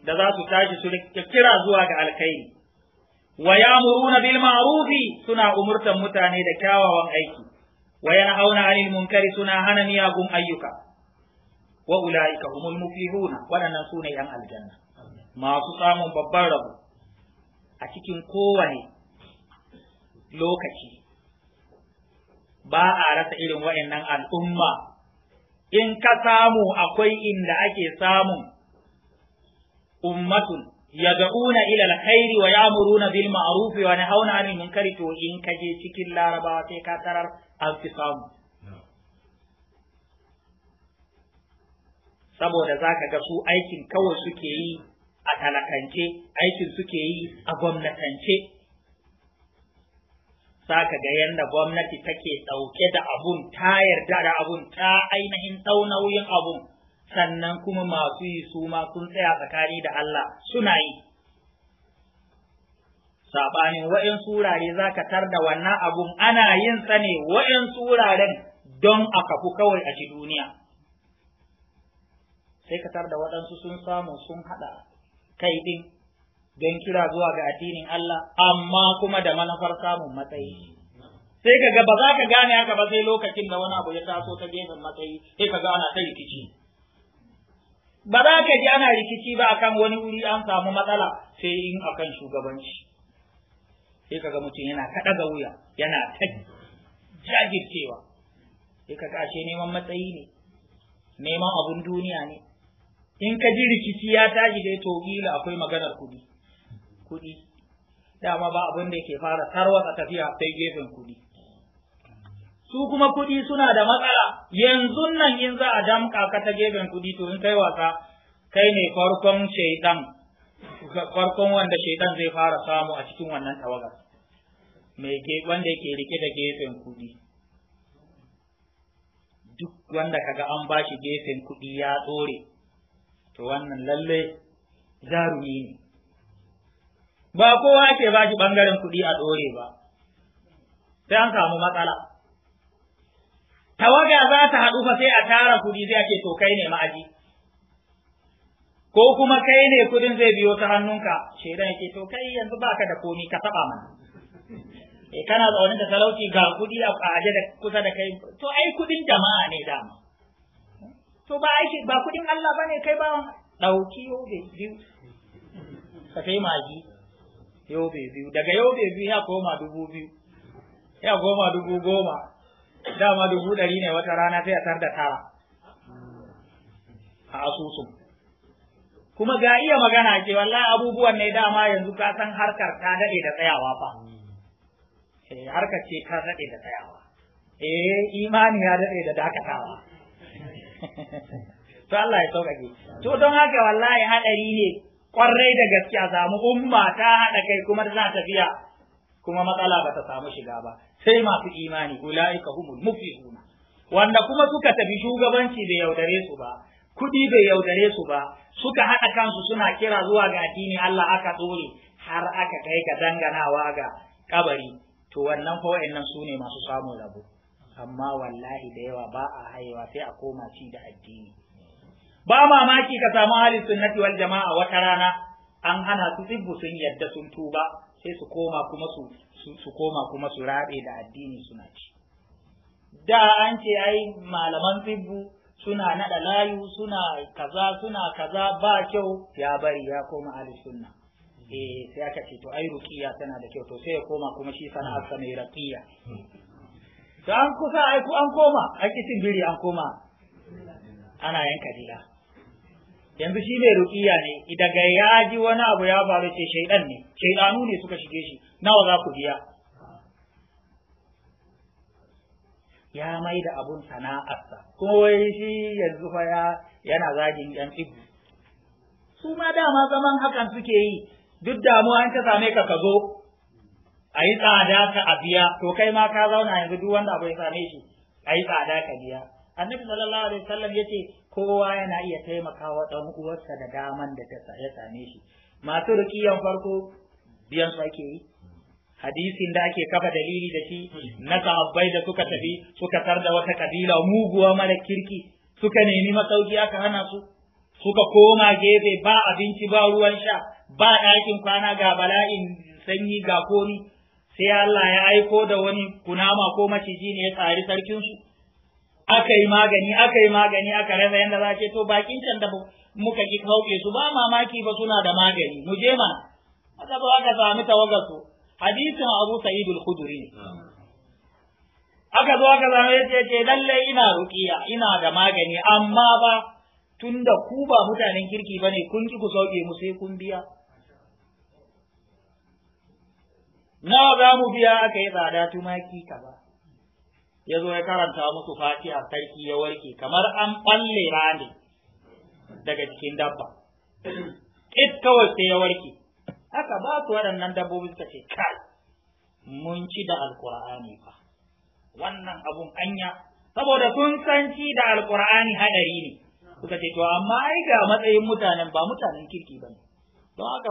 da za su tashi su kira zuwa ga alkhairi wa ya'muruna bil ma'rufi suna umurtan mutane da kyawawan aiki wa yanhauna 'anil munkari suna hana miyagun ayyuka wa ulaika humul muflihuna waɗannan sune yan aljanna masu samun babban rabo a cikin kowane lokaci ba a rasa irin waɗannan al'umma in ka samu akwai inda ake samun ummatun yad'una ila alkhairi wa ya'muruna bil ma'ruf wa yanhauna 'anil munkari to in ka je cikin larabawa sai ka tarar an saboda za ka ga su aikin kawai suke yi a talakance aikin suke yi a gwamnatance za ka ga yadda gwamnati take ɗauke da abun ta yarda da abun ta ainihin ɗau nauyin abun sannan kuma masu yi su ma sun tsaya tsakani da Allah suna yi sabanin wa'in surare zaka da wannan abun ana yin tsane wa'in suraren don a kafu kawai a ci duniya sai ka tar da waɗansu sun samu sun haɗa kai ɗin don kira zuwa ga addinin Allah amma kuma da manufar samun matsayi sai ka ga ba za ka gane haka ba sai lokacin da wani abu ya taso ta gefen matsayi sai ka ga ana ta rikici ba za ka ji ana rikici ba akan wani wuri an samu matsala sai in akan shugabanci sai kaga mutum yana kaɗa ga wuya yana ta jajircewa sai ka kashe neman matsayi ne neman abun duniya ne in ka ji rikici ya tashi dai to kila akwai maganar kuɗi kuɗi dama ba abin da ke fara ta tafiya sai gefen kuɗi su kuma kuɗi suna da matsala yanzu nan in za a damƙa ka ta gefen kuɗi to in kai wasa kai ne farkon shaidan farkon wanda shaitan zai fara samu a cikin wannan tawagar mai wanda yake rike da gefen kuɗi duk wanda kaga an bashi gefen kuɗi ya tsore to wannan lalle zarumi ne ba kowa ke bashi bangaren kuɗi a tsore ba sai an samu matsala tawaga za ta haɗu fa sai a tara kuɗi sai ake to kai ne ma'aji ko kuma kai ne kudin zai biyo ta hannunka shedan yake to kai yanzu baka da komi ka taba mana eh kana zaune da talauci ga kudi a aje da kusa da kai to ai kudin jama'a ne dama to ba aiki ba kudin Allah bane kai ba dauki yobe biyu ka kai yo yobe biyu daga yobe biyu ya koma dubu biyu ya goma dubu goma dama dubu ɗari ne wata rana sai a tar da tara a asusun kuma ga iya magana ce wallahi abubuwan ne dama yanzu ka san harkar ta daɗe da tsayawa fa eh harkar ce ta daɗe da tsayawa eh imani ya daɗe da dakatawa [laughs] to Allah ya sauƙaƙe to don haka wallahi haɗari ne ƙwarai da gaskiya samu umma ta haɗa kai kuma tana tafiya kuma matsala ba ta samu shiga ba sai masu imani ula'ika humul muflihuna wanda kuma suka tafi shugabanci bai yaudare su ba kuɗi bai yaudare su ba suka haɗa kansu suna kira zuwa ga addini Allah aka tsore har aka kai ga danganawa ga kabari to wannan fa wa'annan su ne masu samun rabo amma wallahi da yawa ba a haihuwa sai a koma ci da addini ba mamaki ka samu halin sunnati wal jama'a wata rana an hana su tsibbu sun yadda sun tuba sai su koma kuma su su koma kuma su rabe da addini suna ci da an ce ai malaman tsibbu suna naɗa layu suna kaza suna kaza ba kyau ya bari ya koma ahli sunna eh sai aka ce to ai ruqiya tana da kyau to sai ya koma kuma shi sana'ar hasa mai to an kusa ai ku an koma ai kitin biri an koma ana yanka dila yanzu shi mai ruqiya ne daga ya ji wani abu ya faru ce shaydan ne shaydanu ne suka shige shi nawa za ku biya ya mai da abun sana'arsa kuma wai shi yanzu fa ya yana zagin yan ibu su ma dama zaman hakan suke yi duk damuwa in ta same ka ka zo a yi tsada ka a biya to kai ma ka zauna yanzu duk wanda abu ya same shi a yi tsada ka biya annabi sallallahu alaihi wasallam yace kowa yana iya taimakawa dan uwarsa da daman da ta same shi masu rikiyan farko biyan su ake yi hadisin da ake kafa dalili da shi na sahabbai da suka tafi suka tar da wata kabila muguwa mara kirki suka nemi masauki aka hana su suka koma gefe ba abinci ba ruwan sha ba ɗakin kwana ga bala'in sanyi ga komi sai Allah ya aiko da wani kunama ko maciji ne ya tsari sarkin su aka yi magani aka yi magani aka rasa yanda za ce to bakin can da muka ki kauke su ba mamaki ba suna da magani mu je ma aka zo aka sami tawagar su hadisin abu sa'id al-khudri aka zo aka zama ya ce lallai ina ruqiya ina da magani amma ba tunda ku ba mutanen kirki bane kun ki ku sauke mu sai kun biya nawa za mu biya aka yi tsada tumaki kaza ya zo ya karanta musu fatiha sarki ya warke kamar an ɓalle rani daga cikin dabba it kawai sai ya warke aka ba su waɗannan dabbobi suka ce kai mun ci da alkur'ani fa wannan abun anya saboda sun san ci da alkur'ani haɗari ne suka ce to amma ai ga matsayin mutanen ba mutanen kirki ba ne don haka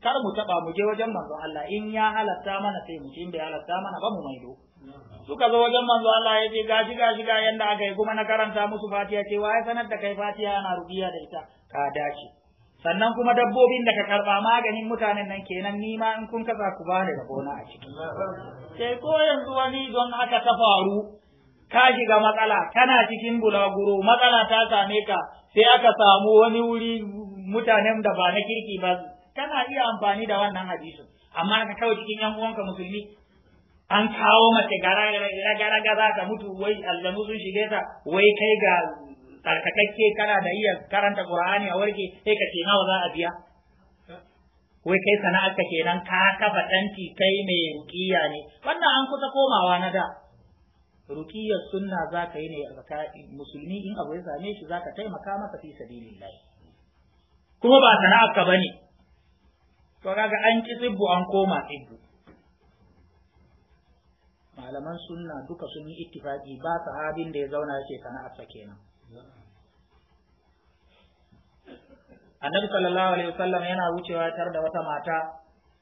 kar mu taba mu je wajen manzon Allah in ya halatta mana sai mu in bai halatta mana ba mu maido suka zo wajen manzo Allah ya ce gashi gashi ga yanda aka yi kuma na karanta musu fatiya ce wa ya sanar da kai fatiya ana rubiya da ita ka dace sannan kuma dabbobin da ka karba maganin mutanen nan kenan nima in kun kasa ku ba da gona a ciki sai ko yanzu wani don haka ta faru ka shiga matsala kana cikin bulaguro matsala ta same ka sai aka samu wani wuri mutanen da ba na kirki ba kana iya amfani da wannan hadisin amma ka kawo cikin yan uwanka musulmi an kawo mace gara gara za ka mutu wai aljanu sun shige ta wai kai ga tarkakakke kana da iya karanta qur'ani a warke sai ka ce nawa za a biya wai kai sana'ar ka kenan ka kafa danci kai mai ruqiya ne wannan an kusa komawa na da Rukiyar sunna za ka yi ne musulmi in abu ya same shi za ka taimaka masa fi sabilillahi kuma ba sana'ar ka bane to kaga an ki tsibbu an koma tsibbu malaman sunna duka sun yi ittifaqi ba sahabin da ya zauna yake sana'arsa kenan annabi sallallahu alaihi wasallam yana wucewa tar da wata mata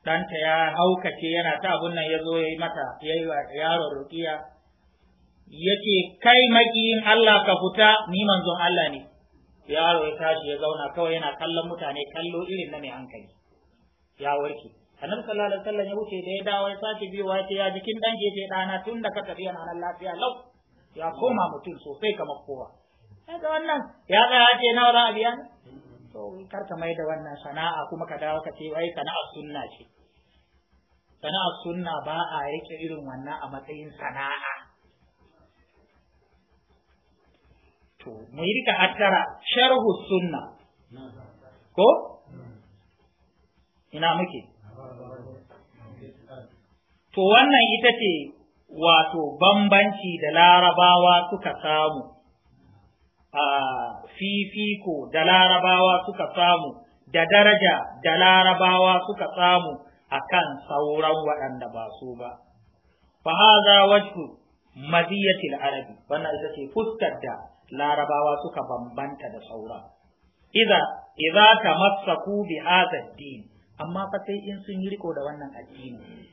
ɗanta ya haukace yana ta abun nan ya zo ya yi mata ya yi yaron rukiya ya ce kai makiyin Allah ka fita ni manzon Allah ne yaro ya tashi ya zauna kawai yana kallon mutane kallo irin na mai hankali ya warke annabi sallallahu alaihi wasallam ya wuce da ya dawo ya sake biyowa ya ce ya jikin dan ke ce dana tun da ka tafi yana nan lafiya lau ya koma mutum sosai kamar kowa kaga wannan ya tsaya ce nawa za a biya ne to kar ka mai da wannan sana'a kuma ka dawo ka ce wai sana'a sunna ce Sana'a sunna ba a rike irin wannan a matsayin sana'a to mu yi ka hattara sharhu sunna ko ina muke to wannan ita ce wato bambanci da larabawa suka samu fifiko da larabawa suka samu da daraja da larabawa suka samu akan sauran waɗanda ba su ba fa hadha wajhu maziyatil arabi wannan ita ce fuskar da larabawa suka bambanta da sauran Iza idza tamassaku bi hadha din amma fa sai in sun yi riko da wannan addini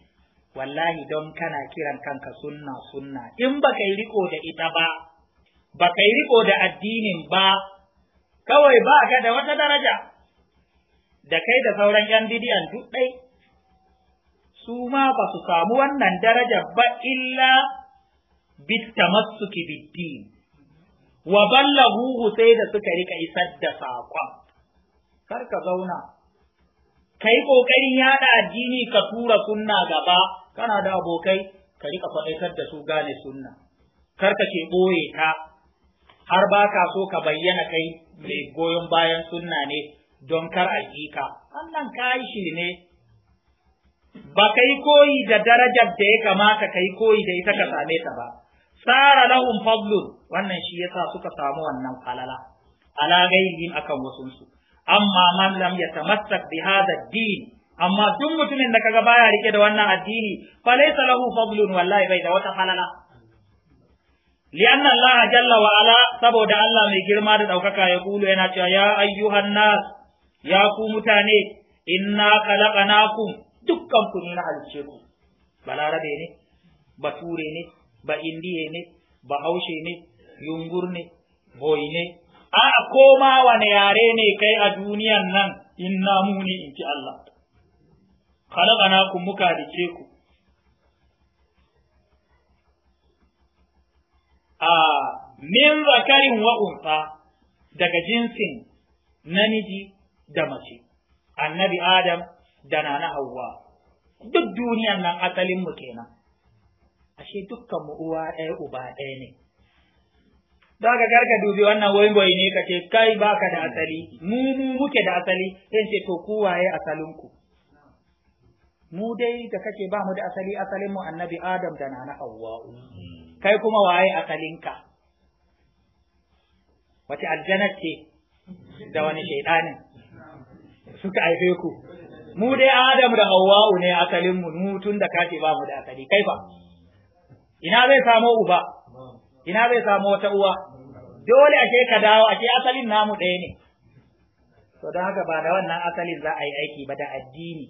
wallahi don kana kiran kanka sunna sunna in baka yi riko da ita ba ba kai riko da addinin ba kawai ba ka da wata daraja da kai da sauran yan bidiyan duk ɗai su ma ba su samu wannan daraja ba illa masu biddin wa huhu sai da suka rika isar da saƙon kar ka zauna ka yi ƙoƙarin yaɗa addini ka tura sunna gaba kana da abokai ka rika faɗaitar da su gane sunna kar ka ke ɓoye ta har ba ka so ka bayyana kai mai goyon bayan sunna ne don kar a ka wannan ka yi shi ne ba ka yi koyi da darajar da ya kamata ka yi koyi da ita ka same ta ba tsara lahun fablun wannan shi yasa suka samu wannan falala ala gairihim akan wasunsu amma man lam yatamassak bi da din amma duk mutumin da kaga baya rike da wannan addini fa laysa lahu fadlun wallahi bai da wata falala li'an Allah jalla wa saboda Allah mai girma da ɗaukaka ya kulu yana cewa ya ayyuhan nas ya ku mutane inna khalaqnakum dukkan ku ne na halice ku balarabe ne bature ne ba indiye ne ba haushe ne yungur ne boy ne a koma wani yare ne kai a duniyan nan inna mu ne in ji Allah khalaqnakum muka halice ku a min zakarin wa unsa daga jinsin namiji da mace annabi adam da nana Hauwa. duk duniyan nan asalin mu kenan ashe dukkan mu uwa ɗaya uba ɗaya ne za ka garka dubi wannan wai boy ne ka ce kai baka da asali mu mu muke da asali sai ce to ku waye asalin ku mu dai da kake ba mu da asali asalin mu annabi adam da nana Hauwa. kai kuma waye asalinka wace aljanar ce da wani shaidanin suka aife ku mu dai adam da hawa'u ne asalinmu mu tun da kace ba mu da asali kai fa ina zai samo uba ina zai samo wata uwa dole ashe ka dawo ashe asalin namu ɗaya ne to don haka ba da wannan asalin za a yi aiki ba da addini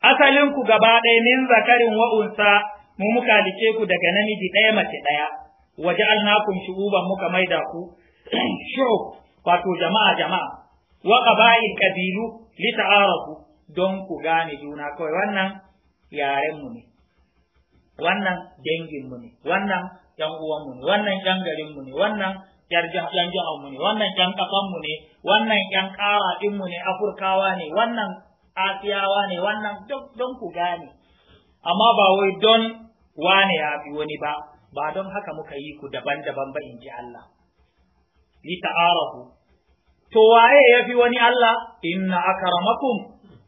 asalin ku gaba ɗaya min zakarin wa unsa mu muka dace ku daga namiji ɗaya mace ɗaya waje alnakum shu'uban muka maida ku [clears throat] shu'ub wato jama'a jama'a wa qaba'il kabilu ta'arafu don ku gane juna kawai wannan yaren mu ne wannan dangin mu ne wannan yan uwan mu ne wannan yan garin mu ne wannan jahan jahan mu ne wannan yan kafan mu ne wannan yan kara din mu ne afurkawa ne wannan asiyawa ne wannan don ku gane amma ba wai don wane ya fi wani ba ba don haka muka yi ku daban-daban ba in ji Allah li ta'arafu to waye ya fi wani Allah inna akramakum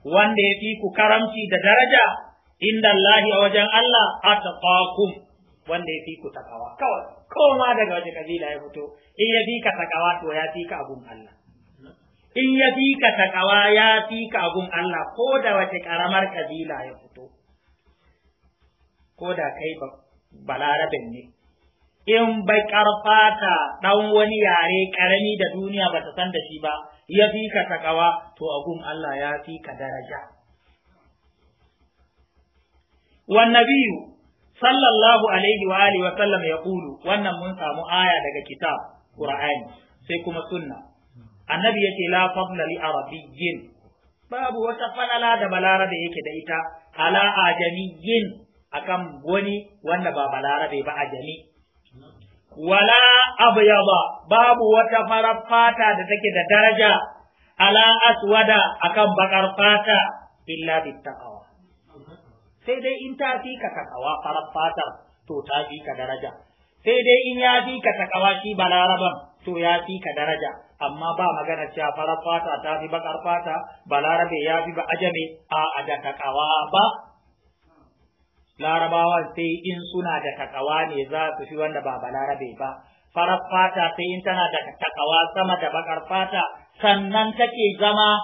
wanda ya fi ku karamci da daraja inda Allah a wajen Allah atqakum wanda ya fi ku takawa kawai koma daga waje kabila ya fito in ya fi ka takawa to ya fi ka abun Allah in ya fi ka takawa ya fi ka abun Allah ko da wace karamar kabila ya fito ko da kai balarabin ne in bai karfata ɗan wani yare ƙarami da duniya ba ta san da shi ba ya fi ka takawa to agun Allah ya fi ka daraja wan biyu, sallallahu alaihi wa alihi wa sallam ya kulu, wannan mun samu aya daga kitab ƙur'ani sai kuma sunna annabi yake la fadla li arabiyyin babu wata falala da balarabe yake da ita ala ajamiyyin akan wani wanda ba balarabe ba a jami wala abyada babu wata farar fata da take da daraja ala aswada akan bakar fata illa bittaqwa sai dai in ta fi ka takawa farar to ta fi ka daraja sai dai in ya fi ka takawa shi balaraban to ya fi ka daraja amma ba magana cewa farar fata ta fi bakar fata balarabe ya fi ba a a da ba larabawa sai in suna da takawa ne za su fi wanda ba balarabe ba farar fata sai in tana da takawa sama da bakar fata sannan take zama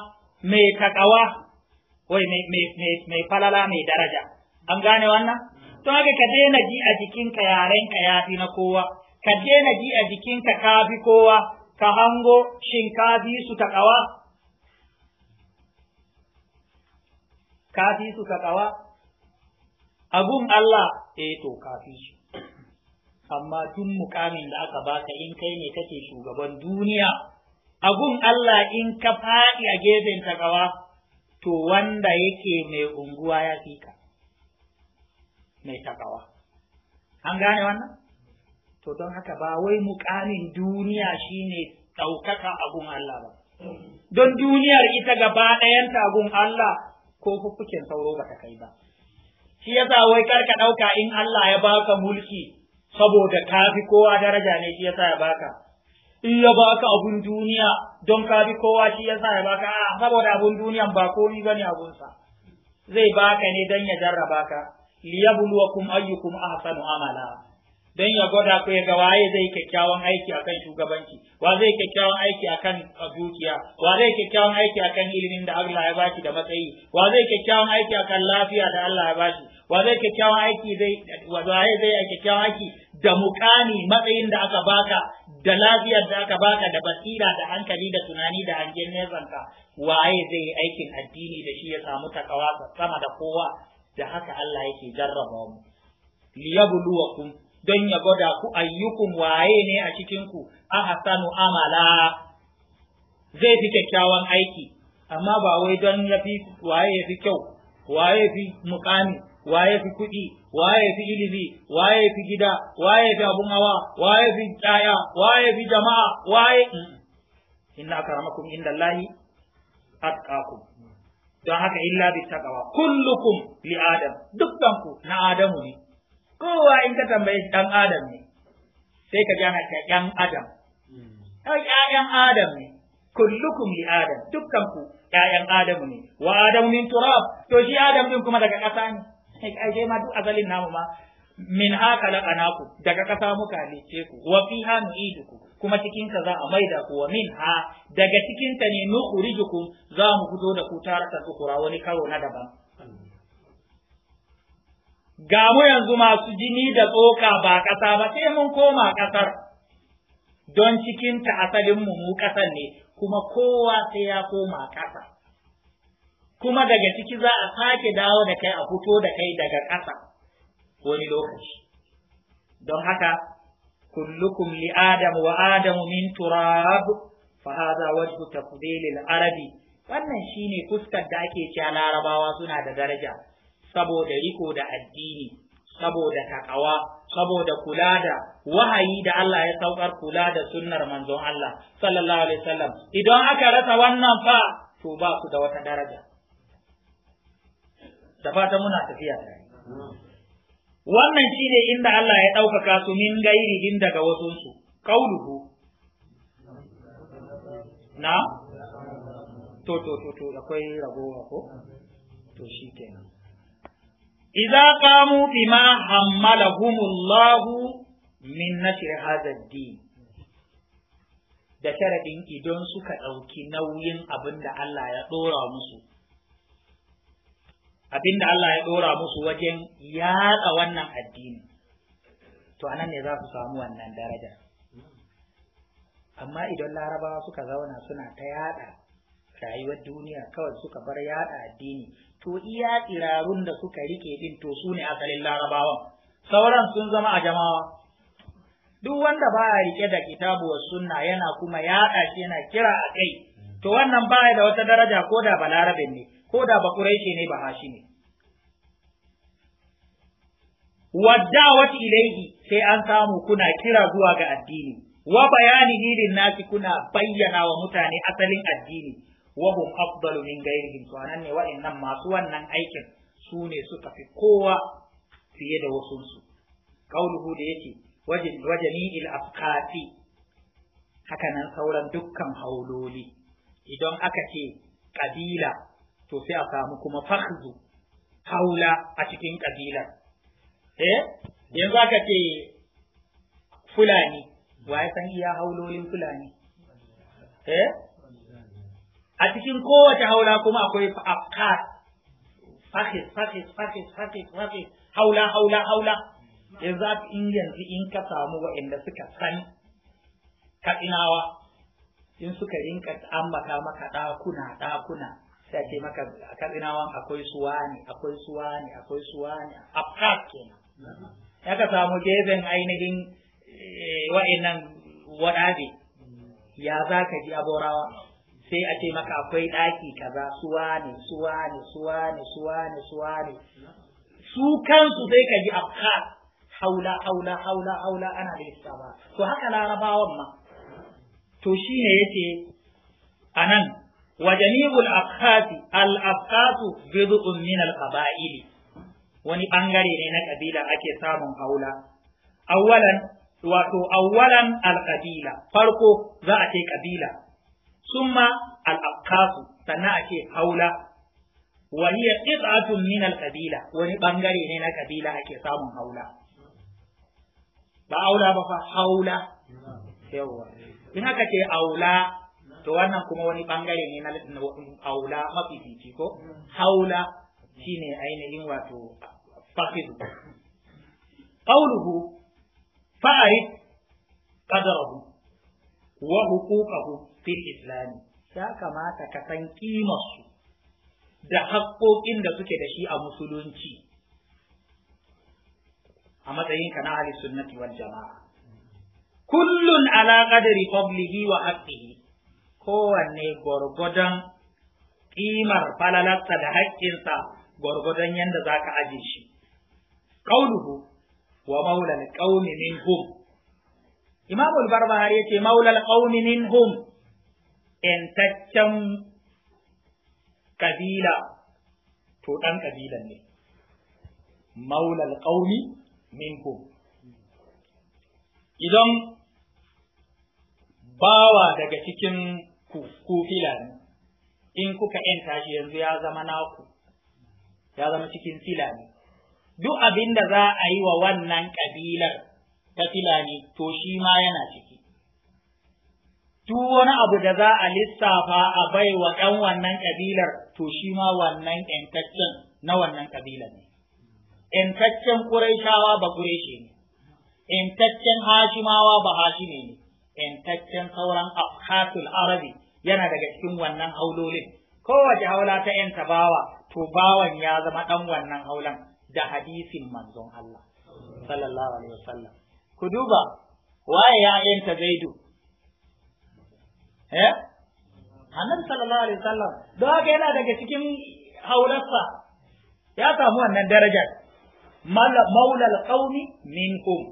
mai takawa wai mai falala mai daraja an gane wannan to haka ka daina ji a jikinka yarenka ya fi na kowa ka daina ji a jikinka ka fi kowa ka hango shin ka fi su takawa ka fi su takawa abun Allah eh to kafin su amma tun mukamin da aka baka in kai ne kake shugaban duniya abun Allah in ka faɗi a gefen ta ƙawa, to wanda yake mai unguwa ya fi ka mai takawa an gane wannan to don haka ba wai mukamin duniya shine ɗaukaka abun Allah ba don duniyar ita gaba ɗayan tagun Allah ko fuffuken sauro ba ta kai ba shi yasa wai karka ɗauka in Allah ya baka mulki saboda ka fi kowa daraja ne shi yasa ya baka in ya baka abun duniya don ka fi kowa shi yasa ya baka a saboda abun duniya ba komi bane abunsa zai baka ne don ya jarraba ka liyabluwakum ayyukum ahsanu amala don ya gwada ku ya ga waye zai kyakkyawan aiki akan shugabanci wa zai kyakkyawan aiki akan dukiya wa zai kyakkyawan aiki akan ilimin da Allah ya baki da matsayi wa zai kyakkyawan aiki akan lafiya da Allah ya bashi wa zai kyakkyawan aiki zai wa zai zai kyakkyawan aiki da mukani matsayin da aka baka da lafiyar da aka baka da basira da hankali da tunani da hangen nesanka waye zai yi aikin addini da shi ya samu takawa sama da kowa da haka Allah yake jarraba mu liyabluwakum don ya gwada ku ayyukun waye ne a cikinku a hasanu amala zai fi kyakkyawan aiki amma ba wai don ya fi waye ya fi kyau waye fi mukami waye fi kuɗi waye fi ilimi waye fi gida waye fi abun hawa waye fi tsaya waye fi jama'a waye inna inda lahi atqakum don haka illa bi taqwa kullukum li adam dukkan na adamu ne kowa in ka tambaye dan adam ne sai ka gane ka dan adam ai ƴaƴan adam ne kullukum li adam dukkan ku ƴaƴan adam ne wa adam min turab to shi adam din kuma daga ƙasa ne sai kai dai ma duk azalin namu ma min haka laqanaku daga ƙasa muka halice ku wa fiha nu'iduku kuma cikin ka za a maida ku wa min ha daga cikin ta ne nu'urijukum za mu fito da ku taratan tsukura wani karo na daban ga mu yanzu masu jini da tsoka ba ƙasa ba sai mun koma ƙasar don cikinta asalinmu mu ƙasar ne kuma kowa sai ya koma ƙasa kuma daga ciki za a sake dawo da kai a fito da kai daga ƙasa wani lokaci don haka kullukum li adam wa adamu min turab fa hadha wajhu tafdil arabi wannan shine fuskar da ake cewa larabawa suna da daraja saboda riko da addini saboda takawa saboda kula da wahayi da Allah ya saukar kula da sunnar manzon Allah sallallahu alaihi wasallam idan aka rasa wannan fa to ba ku da wata daraja da fata muna tafiya tare wannan shine inda Allah ya ɗaukaka su min din daga wasunsu kauluhu na to to to to akwai ragowa ko to shi kenan Iza qamu bima hammalahumullahu min nashr hadha ad-din da sharadin idan suka ɗauki nauyin abin da Allah ya ɗora musu abin da Allah ya ɗora musu wajen yaɗa wannan addini to nan ne za su samu wannan daraja amma idan larabawa suka zauna suna ta yaɗa rayuwar duniya kawai suka bar yaɗa addini to iya tsirarun da suka rike din to su ne asalin larabawan sauran sun zama a jamawa. duk wanda ba ya rike da kitabu wa sunna yana kuma yada shi yana kira a kai to wannan baya da wata daraja ko da balarabin ne ko da ba quraishi ne ba hashi ne wadda'wat ilaihi sai an samu kuna kira zuwa ga addini wa bayani lilin nasi kuna bayyana wa mutane asalin addini wa hum afdalu min ghayrihim to anan ne wa'annan masu wannan aikin su ne suka fi kowa fiye da wasu su qauluhu da yake il afqati haka nan sauran dukkan hauloli idan aka ce kabila to sai a samu kuma fakhzu haula a cikin kabila eh yanzu aka ce fulani wa san iya haulolin fulani eh a cikin kowace haula kuma akwai fa'afkar fakis fakis fakis fakis fakis haula haula haula ka in yanzu in ka samu waɗanda suka san katsinawa in suka rinka ambata maka ɗakuna ɗakuna sai ce maka katsinawan akwai suwa ne akwai suwa ne akwai suwa ne afkat kenan ya ka samu gefen ainihin eh, waɗannan waɗabe ya za ka ji aborawa sai a ce maka akwai ɗaki kaza suwa ne suwa ne suwa ne suwa ne suwa ne su kansu sai ka ji afkar haula haula haula haula ana da lissafa to haka larabawan ma to shi ne yace anan wa jami'ul afkhasi al afkhasu bid'un min al qaba'il wani bangare ne na kabila ake samun haula awwalan wato awwalan al farko za a ce kabila summa al-afkasu sannan a ce haula wa hiya qit'atun min wani bangare ne na kabila ake samun haula ba aula ba fa haula in haka ce aula to wannan kuma wani bangare ne na aula haula shine ainihin wato fakidu qawluhu fa'arif qadarahu wa fi islami ya kamata ka san su da haƙoƙin da suke da shi a musulunci a matsayinka na ahli sunnati wal jama'a kullun ala qadri fadlihi wa haqqihi kowanne gwargwadon ƙimar falalarsa da haƙƙinsa gwargwadon yadda za ka aje shi qauluhu wa maulal qaumi minhum imam al-barbahari yace maulal qaumi minhum ‘yantaccen ƙabila to ɗan ƙabilan ne, maulal ƙauni minkum. Idan bawa daga cikin ku filani, in kuka ‘yanta shi yanzu ya zama naku, ya zama cikin filani. Duk abin da za a yi wa wannan ƙabilar ta filani to shi ma yana ciki. duk wani abu da za a lissafa a bai wa ɗan wannan ƙabilar to shi ma wannan ƴantaccen na wannan ƙabilar ne ƴantaccen ƙuraishawa ba ƙureshe ne ƴantaccen hashimawa ba hashime ne ƴantaccen sauran afkatul arabi yana daga cikin wannan haulolin kowace haula ta ƴan bawa to bawan ya zama ɗan wannan haulan da hadisin manzon Allah sallallahu alaihi wasallam ku duba waye ya ƴanta zaidu eh annabi sallallahu alaihi wasallam don haka yana daga cikin haularsa ya samu wannan darajar maulal qaumi minkum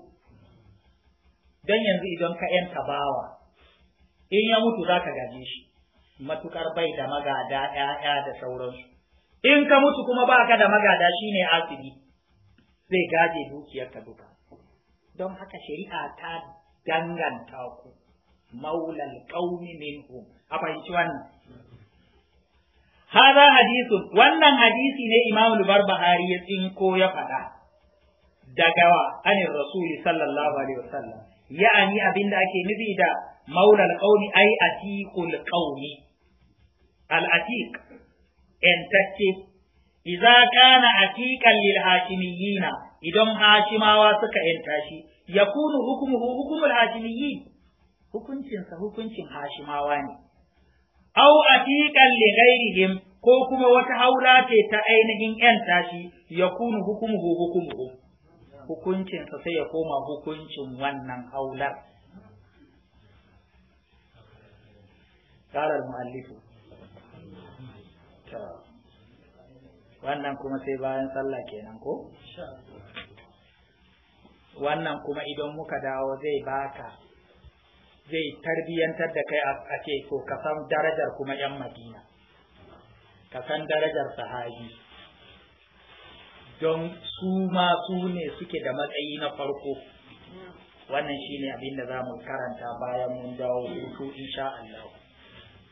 dan yanzu idan ka yanta bawa in ya mutu zaka gaje shi matukar bai da magada ƴaƴa da sauransu in ka mutu kuma baka da magada shine asibi zai gaje ka duka don haka shari'a ta danganta ku maulal qaumi minhum a fahimci wannan hada hadisun wannan hadisi ne imam al-barbahari ya tsinko ya faɗa daga Ani anin rasuli sallallahu alaihi wasallam abinda ake nufi da maulal qaumi ai atiqul qaumi al-atiq entacce idza kana atiqan lil hashimiyina idan hashimawa suka yanta Ya yakunu hukmuhu hukuncinsa hukuncin hashimawa ne au a li ghairihim ko kuma wata haula ce ta ainihin yan tashi ya kunu hukumuhu hukumuhu hukuncinsa sai ya koma hukuncin wannan haular قال المؤلف wannan kuma sai bayan sallah kenan ko wannan kuma idan muka dawo zai baka zai tarbiyantar da kai a ce to ka san darajar kuma yan madina ka san darajar sahabi don su ma su ne suke da matsayi na farko wannan shine abin da za mu karanta bayan mun dawo hutu insha Allah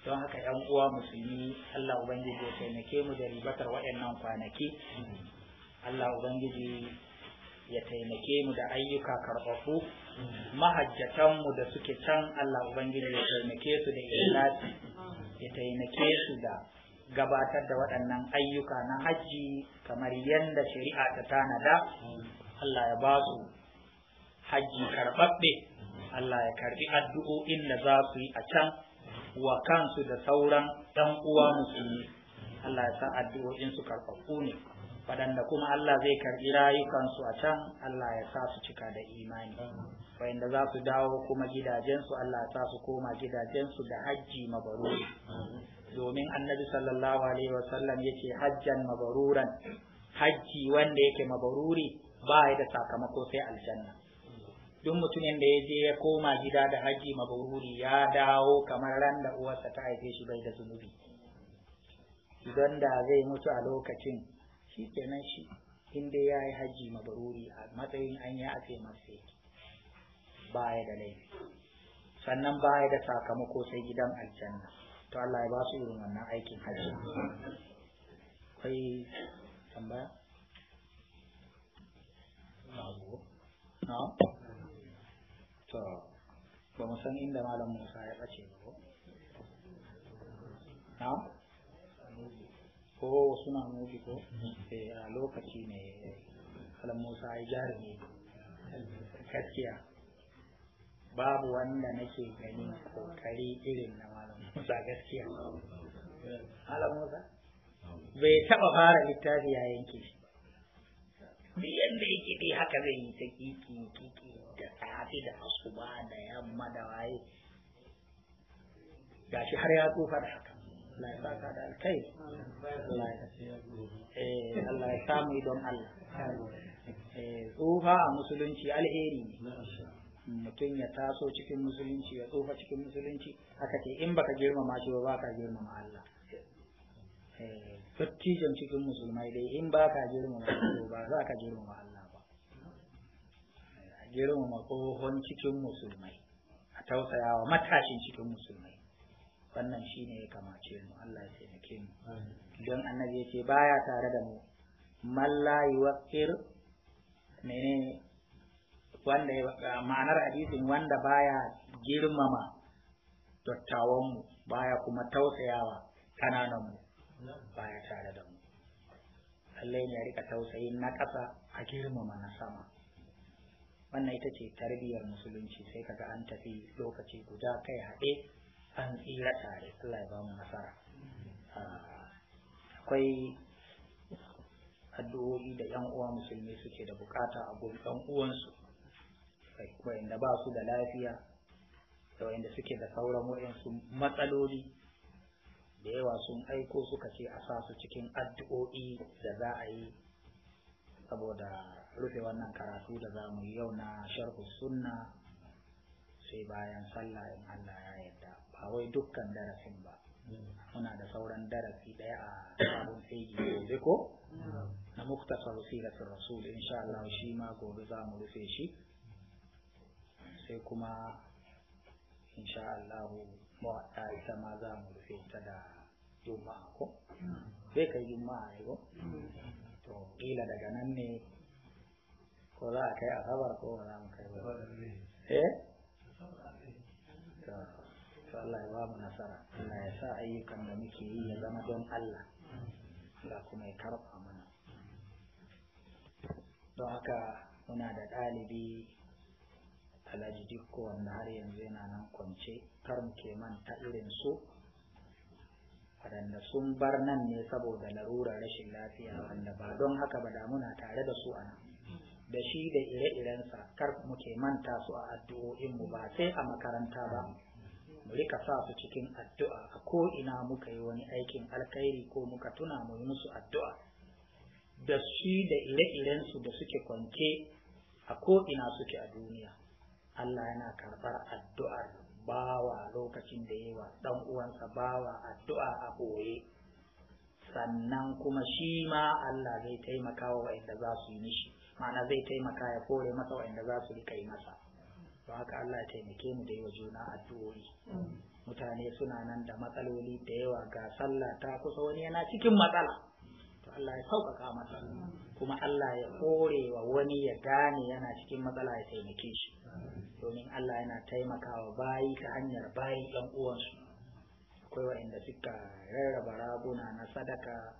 don haka yan uwa musulmi Allah ubangiji ya taimake mu da ribatar waɗannan kwanaki Allah ubangiji ya taimake mu da ayyuka karɓaɓɓu mahajjatanmu da suke can Allah Ubangiji ya taimake su da ikhlasi ya taimake su da gabatar da waɗannan ayyuka na hajji kamar yadda shari'a ta tanada Allah ya ba su hajji karɓaɓɓe Allah ya karɓi addu'o'in da za su yi a can wa kansu da sauran ɗan uwa musulmi Allah ya sa addu'o'in su karɓaɓɓu ne waɗanda kuma Allah zai karɓi rayukansu a can Allah ya sa su cika da imani waɗanda za su dawo kuma gidajensu Allah ya sa su koma gidajensu da hajji mabaruri domin annabi sallallahu alaihi wasallam yake hajjan mabaruran hajji wanda yake mabaruri ba ya da sakamako sai aljanna duk mutumin da ya je ya koma gida da hajji mabaruri ya dawo kamar ran da uwarsa ta haife shi bai da zunubi idan da zai mutu a lokacin shi kenan shi in dai ya yi hajji mabaruri a matsayin an yi ace masa yake baya da laifi sannan baya da sakamako sai gidan aljanna to Allah ya ba su irin wannan aikin hajji kai tambaya na to ba mu san inda malam Musa ya bace ba ko na ko suna mutu ko eh, a lokaci ne kalan musa ya jarumi gaskiya babu wanda nake ganin kokari irin na malam musa gaskiya malam musa bai taba fara littafi ya yanke shi duk yadda yake dai haka zai yi ta kiki kiki da safe da asuba da yamma da waye gashi har ya tsufa da haka Allah ya saka da alkai eh, Allah ya samu don Allah eh, tsufa a musulunci alheri ne mutum ya taso cikin musulunci ya tsufa cikin musulunci Haka ce in baka girmama shi ba baka girmama Allah eh, dattijan cikin musulmai dai in ba ka girmama shi ba za ka girmama Allah ba girmama kohon cikin musulmai a tausayawa matashin cikin musulmai wannan shi ne ya kamace mu Allah ya taimake mu don annabi ya ce baya tare da mu Mallayi la yuwaqqir menene wanda ma'anar hadisin wanda baya girmama dattawan mu baya kuma tausayawa kananan mu baya tare da mu Allah ya rika tausayin na ƙasa a girmama na sama wannan ita ce tarbiyyar musulunci sai kaga an tafi lokaci guda kai haɗe an tsira tare Allah ya ba mu nasara ah, akwai addu'o'i da yan uwa musulmi suke da bukata a gurin yan uwansu wanda ba su da lafiya da suke da sauran wayansu matsaloli da yawa sun aiko suka ce a sa su cikin addu'o'i da za a yi saboda rufe wannan karatu da za mu yi yau na sharhu sunna sai bayan sallah in Allah ya yarda Akwai dukkan darasin ba muna da sauran darasi daya a sabon fegi gobe ko na muktasar siratul rasul insha Allah shi ma gobe za mu rufe shi sai kuma insha Allah muwadda ita ma za mu rufe ta da juma'a ko sai kai juma'a ne ko to kila daga nan ne ko za a kai asabar ko ba za mu kai ba eh su Allah ya ba mu nasara Allah ya sa ayyukan da muke yi ya zama don Allah Allah kuma ya karɓa mana don haka muna da ɗalibi alhaji wanda har yanzu yana nan kwance kar mu ke manta irin su waɗanda sun bar nan ne saboda larurar rashin lafiya wanda ba don haka ba muna tare da su a nan da shi da ire-irensa kar muke manta su a addu'o'inmu ba sai a makaranta ba mu rika sa su cikin addu'a a ko ina muka yi wani aikin alkhairi ko muka tuna mu yi musu addu'a da shi da ire irensu da suke kwance a ko ina suke a duniya Allah yana karɓar addu'ar bawa lokacin da yawa ɗan uwansa bawa addu'a a koye sannan kuma shi ma Allah zai taimaka wa waɗanda za su yi mishi ma'ana zai taimaka ya kore masa waɗanda za su rika yi masa don haka Allah ya taimake mu da yi wa juna addu'o'i mm. mutane suna nan da matsaloli da yawa ga sallah ta kusa wani yana cikin matsala to Allah ya sauƙaƙa masa kuma Allah ya kore wa wani ya gane yana cikin matsala ya taimake shi domin Allah yana taimakawa bayi ta hanyar bayi ɗan uwansu akwai waɗanda suka rarraba raguna na sadaka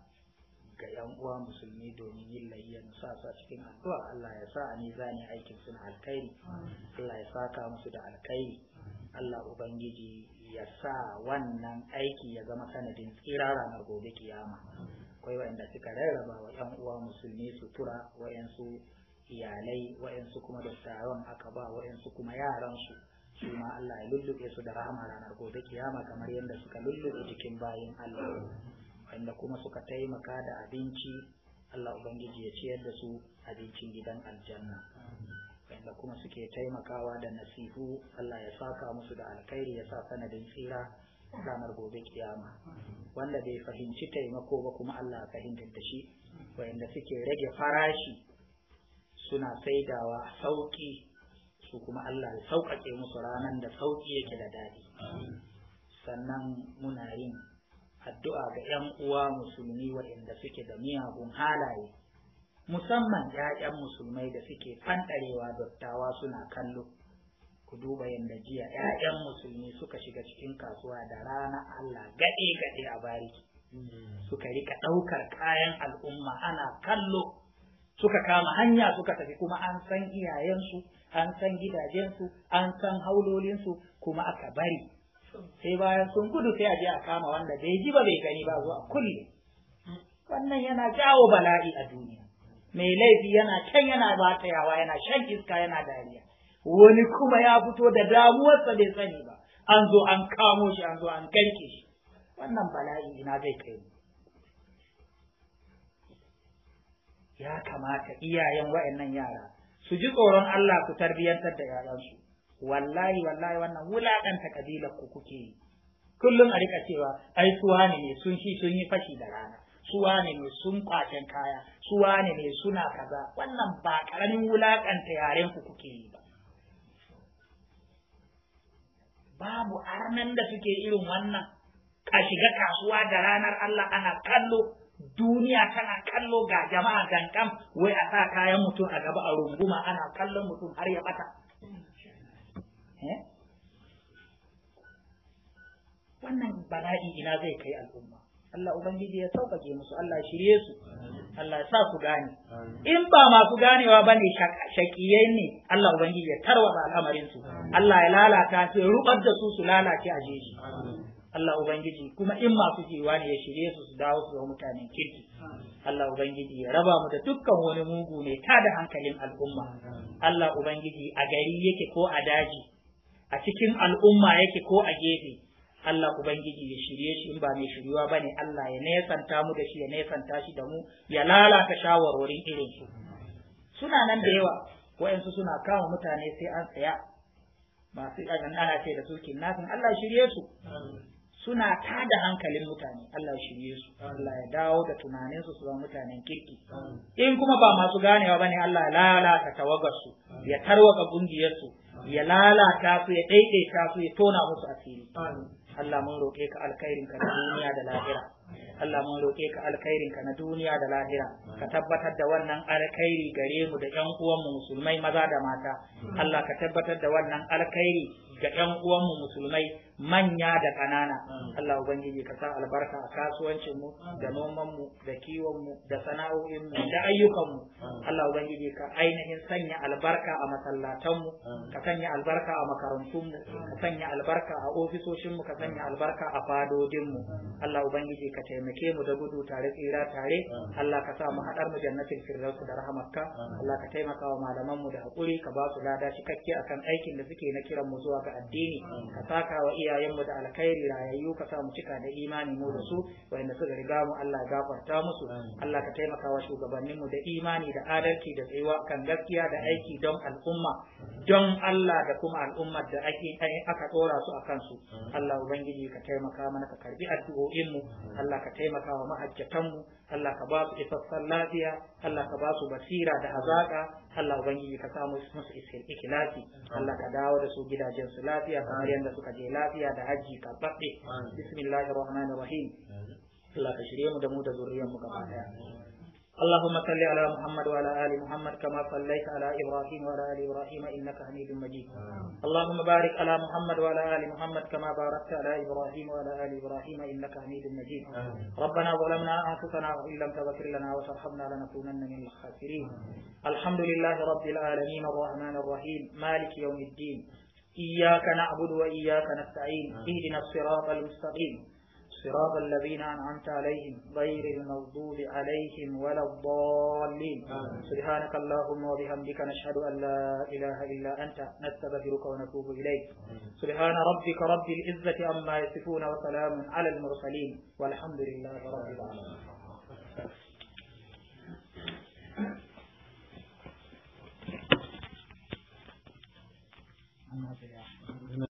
ga yan uwa musulmi domin yin layya sa sa cikin addu'a Allah ya sa a zani aikin suna alkhairi Allah ya saka musu da alkhairi Allah ubangiji ya sa wannan aiki ya zama sanadin tsira ranar gobe kiyama akwai wanda suka rarraba wa yan uwa musulmi su sutura wayansu iyalai wayansu kuma da tsaron aka ba wayansu kuma yaran su shi ma Allah ya lullube su da rahama ranar gobe kiyama kamar yadda suka lullube cikin bayin Allah waɗanda kuma suka taimaka da abinci Allah Ubangiji ya ciyar da su abincin gidan aljanna waɗanda kuma suke taimakawa da nasihu Allah ya saka musu da alkhairi ya sa sanadin tsira ranar gobe kiyama wanda bai fahimci taimako ba kuma Allah ya fahimtar da shi wanda suke rage farashi suna saidawa sauki su kuma Allah ya sauƙaƙe musu ranar da sauki yake da daɗi sannan muna yin addu'a ga 'yan uwa musulmi waɗanda suke da miyagun halaye musamman 'ya'yan musulmai da suke fanɗarewa dattawa suna kallo ku duba yadda jiya 'ya'yan musulmi suka shiga cikin kasuwa da rana Allah gaɗe gaɗe a bari suka rika ɗaukar kayan al'umma ana kallo suka kama hanya suka tafi kuma an san iyayensu an san gidajensu an san haulolinsu kuma aka bari sai bayan sun gudu sai a je a kama wanda bai ji ba bai gani ba zuwa kulle wannan yana jawo bala'i a duniya mai laifi yana can yana batayawa yana shan iska yana dariya wani kuma ya fito da damuwarsa bai sani ba an zo an kamo shi an zo an ganke shi wannan bala'i ina zai kai mu ya kamata iyayen wa'annan yara su ji tsoron Allah su tarbiyyantar da yaransu wallahi wallahi wannan wulakanta kabilar ku kuke yi kullum a rika cewa ai suwa ne ne sun shi sun yi fashi da rana suwa ne ne sun kwacen kaya suwa ne ne suna kaza wannan ba karamin wulakanta yaren ku kuke yi ba babu arnan da suke irin wannan ka shiga kasuwa da ranar Allah ana kallo duniya tana kallo ga jama'a gankan wai a sa kayan mutum a gaba a runguma ana kallon mutum har ya bata Eh? wannan bala'i ina zai kai al'umma Allah ubangiji ya sauƙaƙe musu Allah shirye su Allah ya sa su gane in ba masu ganewa ba ne shakiyai ne Allah ubangiji ya tarwata al'amarin su Allah ya lalata su ya rubar da su su lalace a jeji Allah ubangiji kuma in masu jiwa ne ya shirye su su dawo su ga mutanen kirki Allah ubangiji ya raba mu da dukkan wani mugu mai tada hankalin al'umma Allah ubangiji a gari yake ko a daji a cikin al'umma yake ko a gefe Allah Ubangiji ya shirye shi in ba mai shiryuwa ba ne Allah ya nesanta mu da shi ya nesanta shi da mu ya lalata shawarwarin irin su suna nan da yawa wa'yansu suna kama mutane sai an tsaya masu ana ce da su kinnafin Allah shirye su suna tada hankalin mutane Allah shirye su Allah ya dawo da tunanin su su mutanen kirki in kuma ba masu ganewa bane Allah ya lalata tawagar su ya tarwaka kungiyar su ya lalata su ya daidaita su ya tona musu asiri Allah mun roƙe ka alkhairin ka na duniya da lahira Allah mun roƙe ka alkhairin ka na duniya da lahira ka tabbatar da wannan alkhairi gare mu da ƴan uwan mu musulmai maza da mata Allah ka tabbatar da wannan alkhairi ga ƴan uwan mu musulmai manya da kanana mm. Allah ubangiji ka sa albarka a kasuwancin mu mm. da noman mu da kiwon mu da sana'o'in mu da ayyukan mu mm. Allah ubangiji ka ainihin sanya albarka a masallatan mu ka sanya albarka a makarantun mu ka sanya albarka a ofisoshin mu ka sanya albarka a fadodin mu Allah ubangiji ka taimake mu da gudu tare tsira tare Allah ka sa mu haɗar mu jannatin firdaus da rahamarka Allah ka taimaka wa malaman mu da hakuri ka ba su lada cikakke akan aikin da suke na kiran mu zuwa ga addini ka saka wa iyayenmu da alkhairi rayayyu ka sa mu cika da imani mu da su wanda suka riga mu Allah ya gafarta musu Allah ka taimaka wa shugabannin mu da imani da adalci da tsayuwa kan gaskiya da aiki don al'umma don Allah da kuma al'ummar da ake aka tsora su a kansu Allah ubangiji ka taimaka mana ka karbi addu'o'in mu Allah ka taimaka wa mahajjatan mu Allah ka ba su isassan lafiya Allah ka ba su basira da hazaka Allah ubangiji ka samu musu ikhlasi Allah ka dawo da su gidajensu lafiya kamar yadda suka je lafiya da hajji ka babbe bismillahir rahim Allah ka shirye mu da mu da zuriyar mu gaba ɗaya اللهم صل على محمد وعلى ال محمد كما صليت على ابراهيم وعلى ال ابراهيم انك حميد مجيد اللهم بارك على محمد وعلى ال محمد كما باركت على ابراهيم وعلى ال ابراهيم انك حميد مجيد ربنا ظلمنا انفسنا وان لم تغفر لنا وترحمنا لنكونن من الخاسرين الحمد لله رب العالمين الرحمن الرحيم مالك يوم الدين اياك نعبد واياك نستعين اهدنا الصراط المستقيم صراط الذين أنعمت عليهم غير المغضوب عليهم ولا الضالين سبحانك اللهم وبحمدك نشهد أن لا إله إلا أنت نستغفرك ونتوب إليك سبحان ربك رب العزة عما يصفون وسلام على المرسلين والحمد لله رب العالمين Gracias.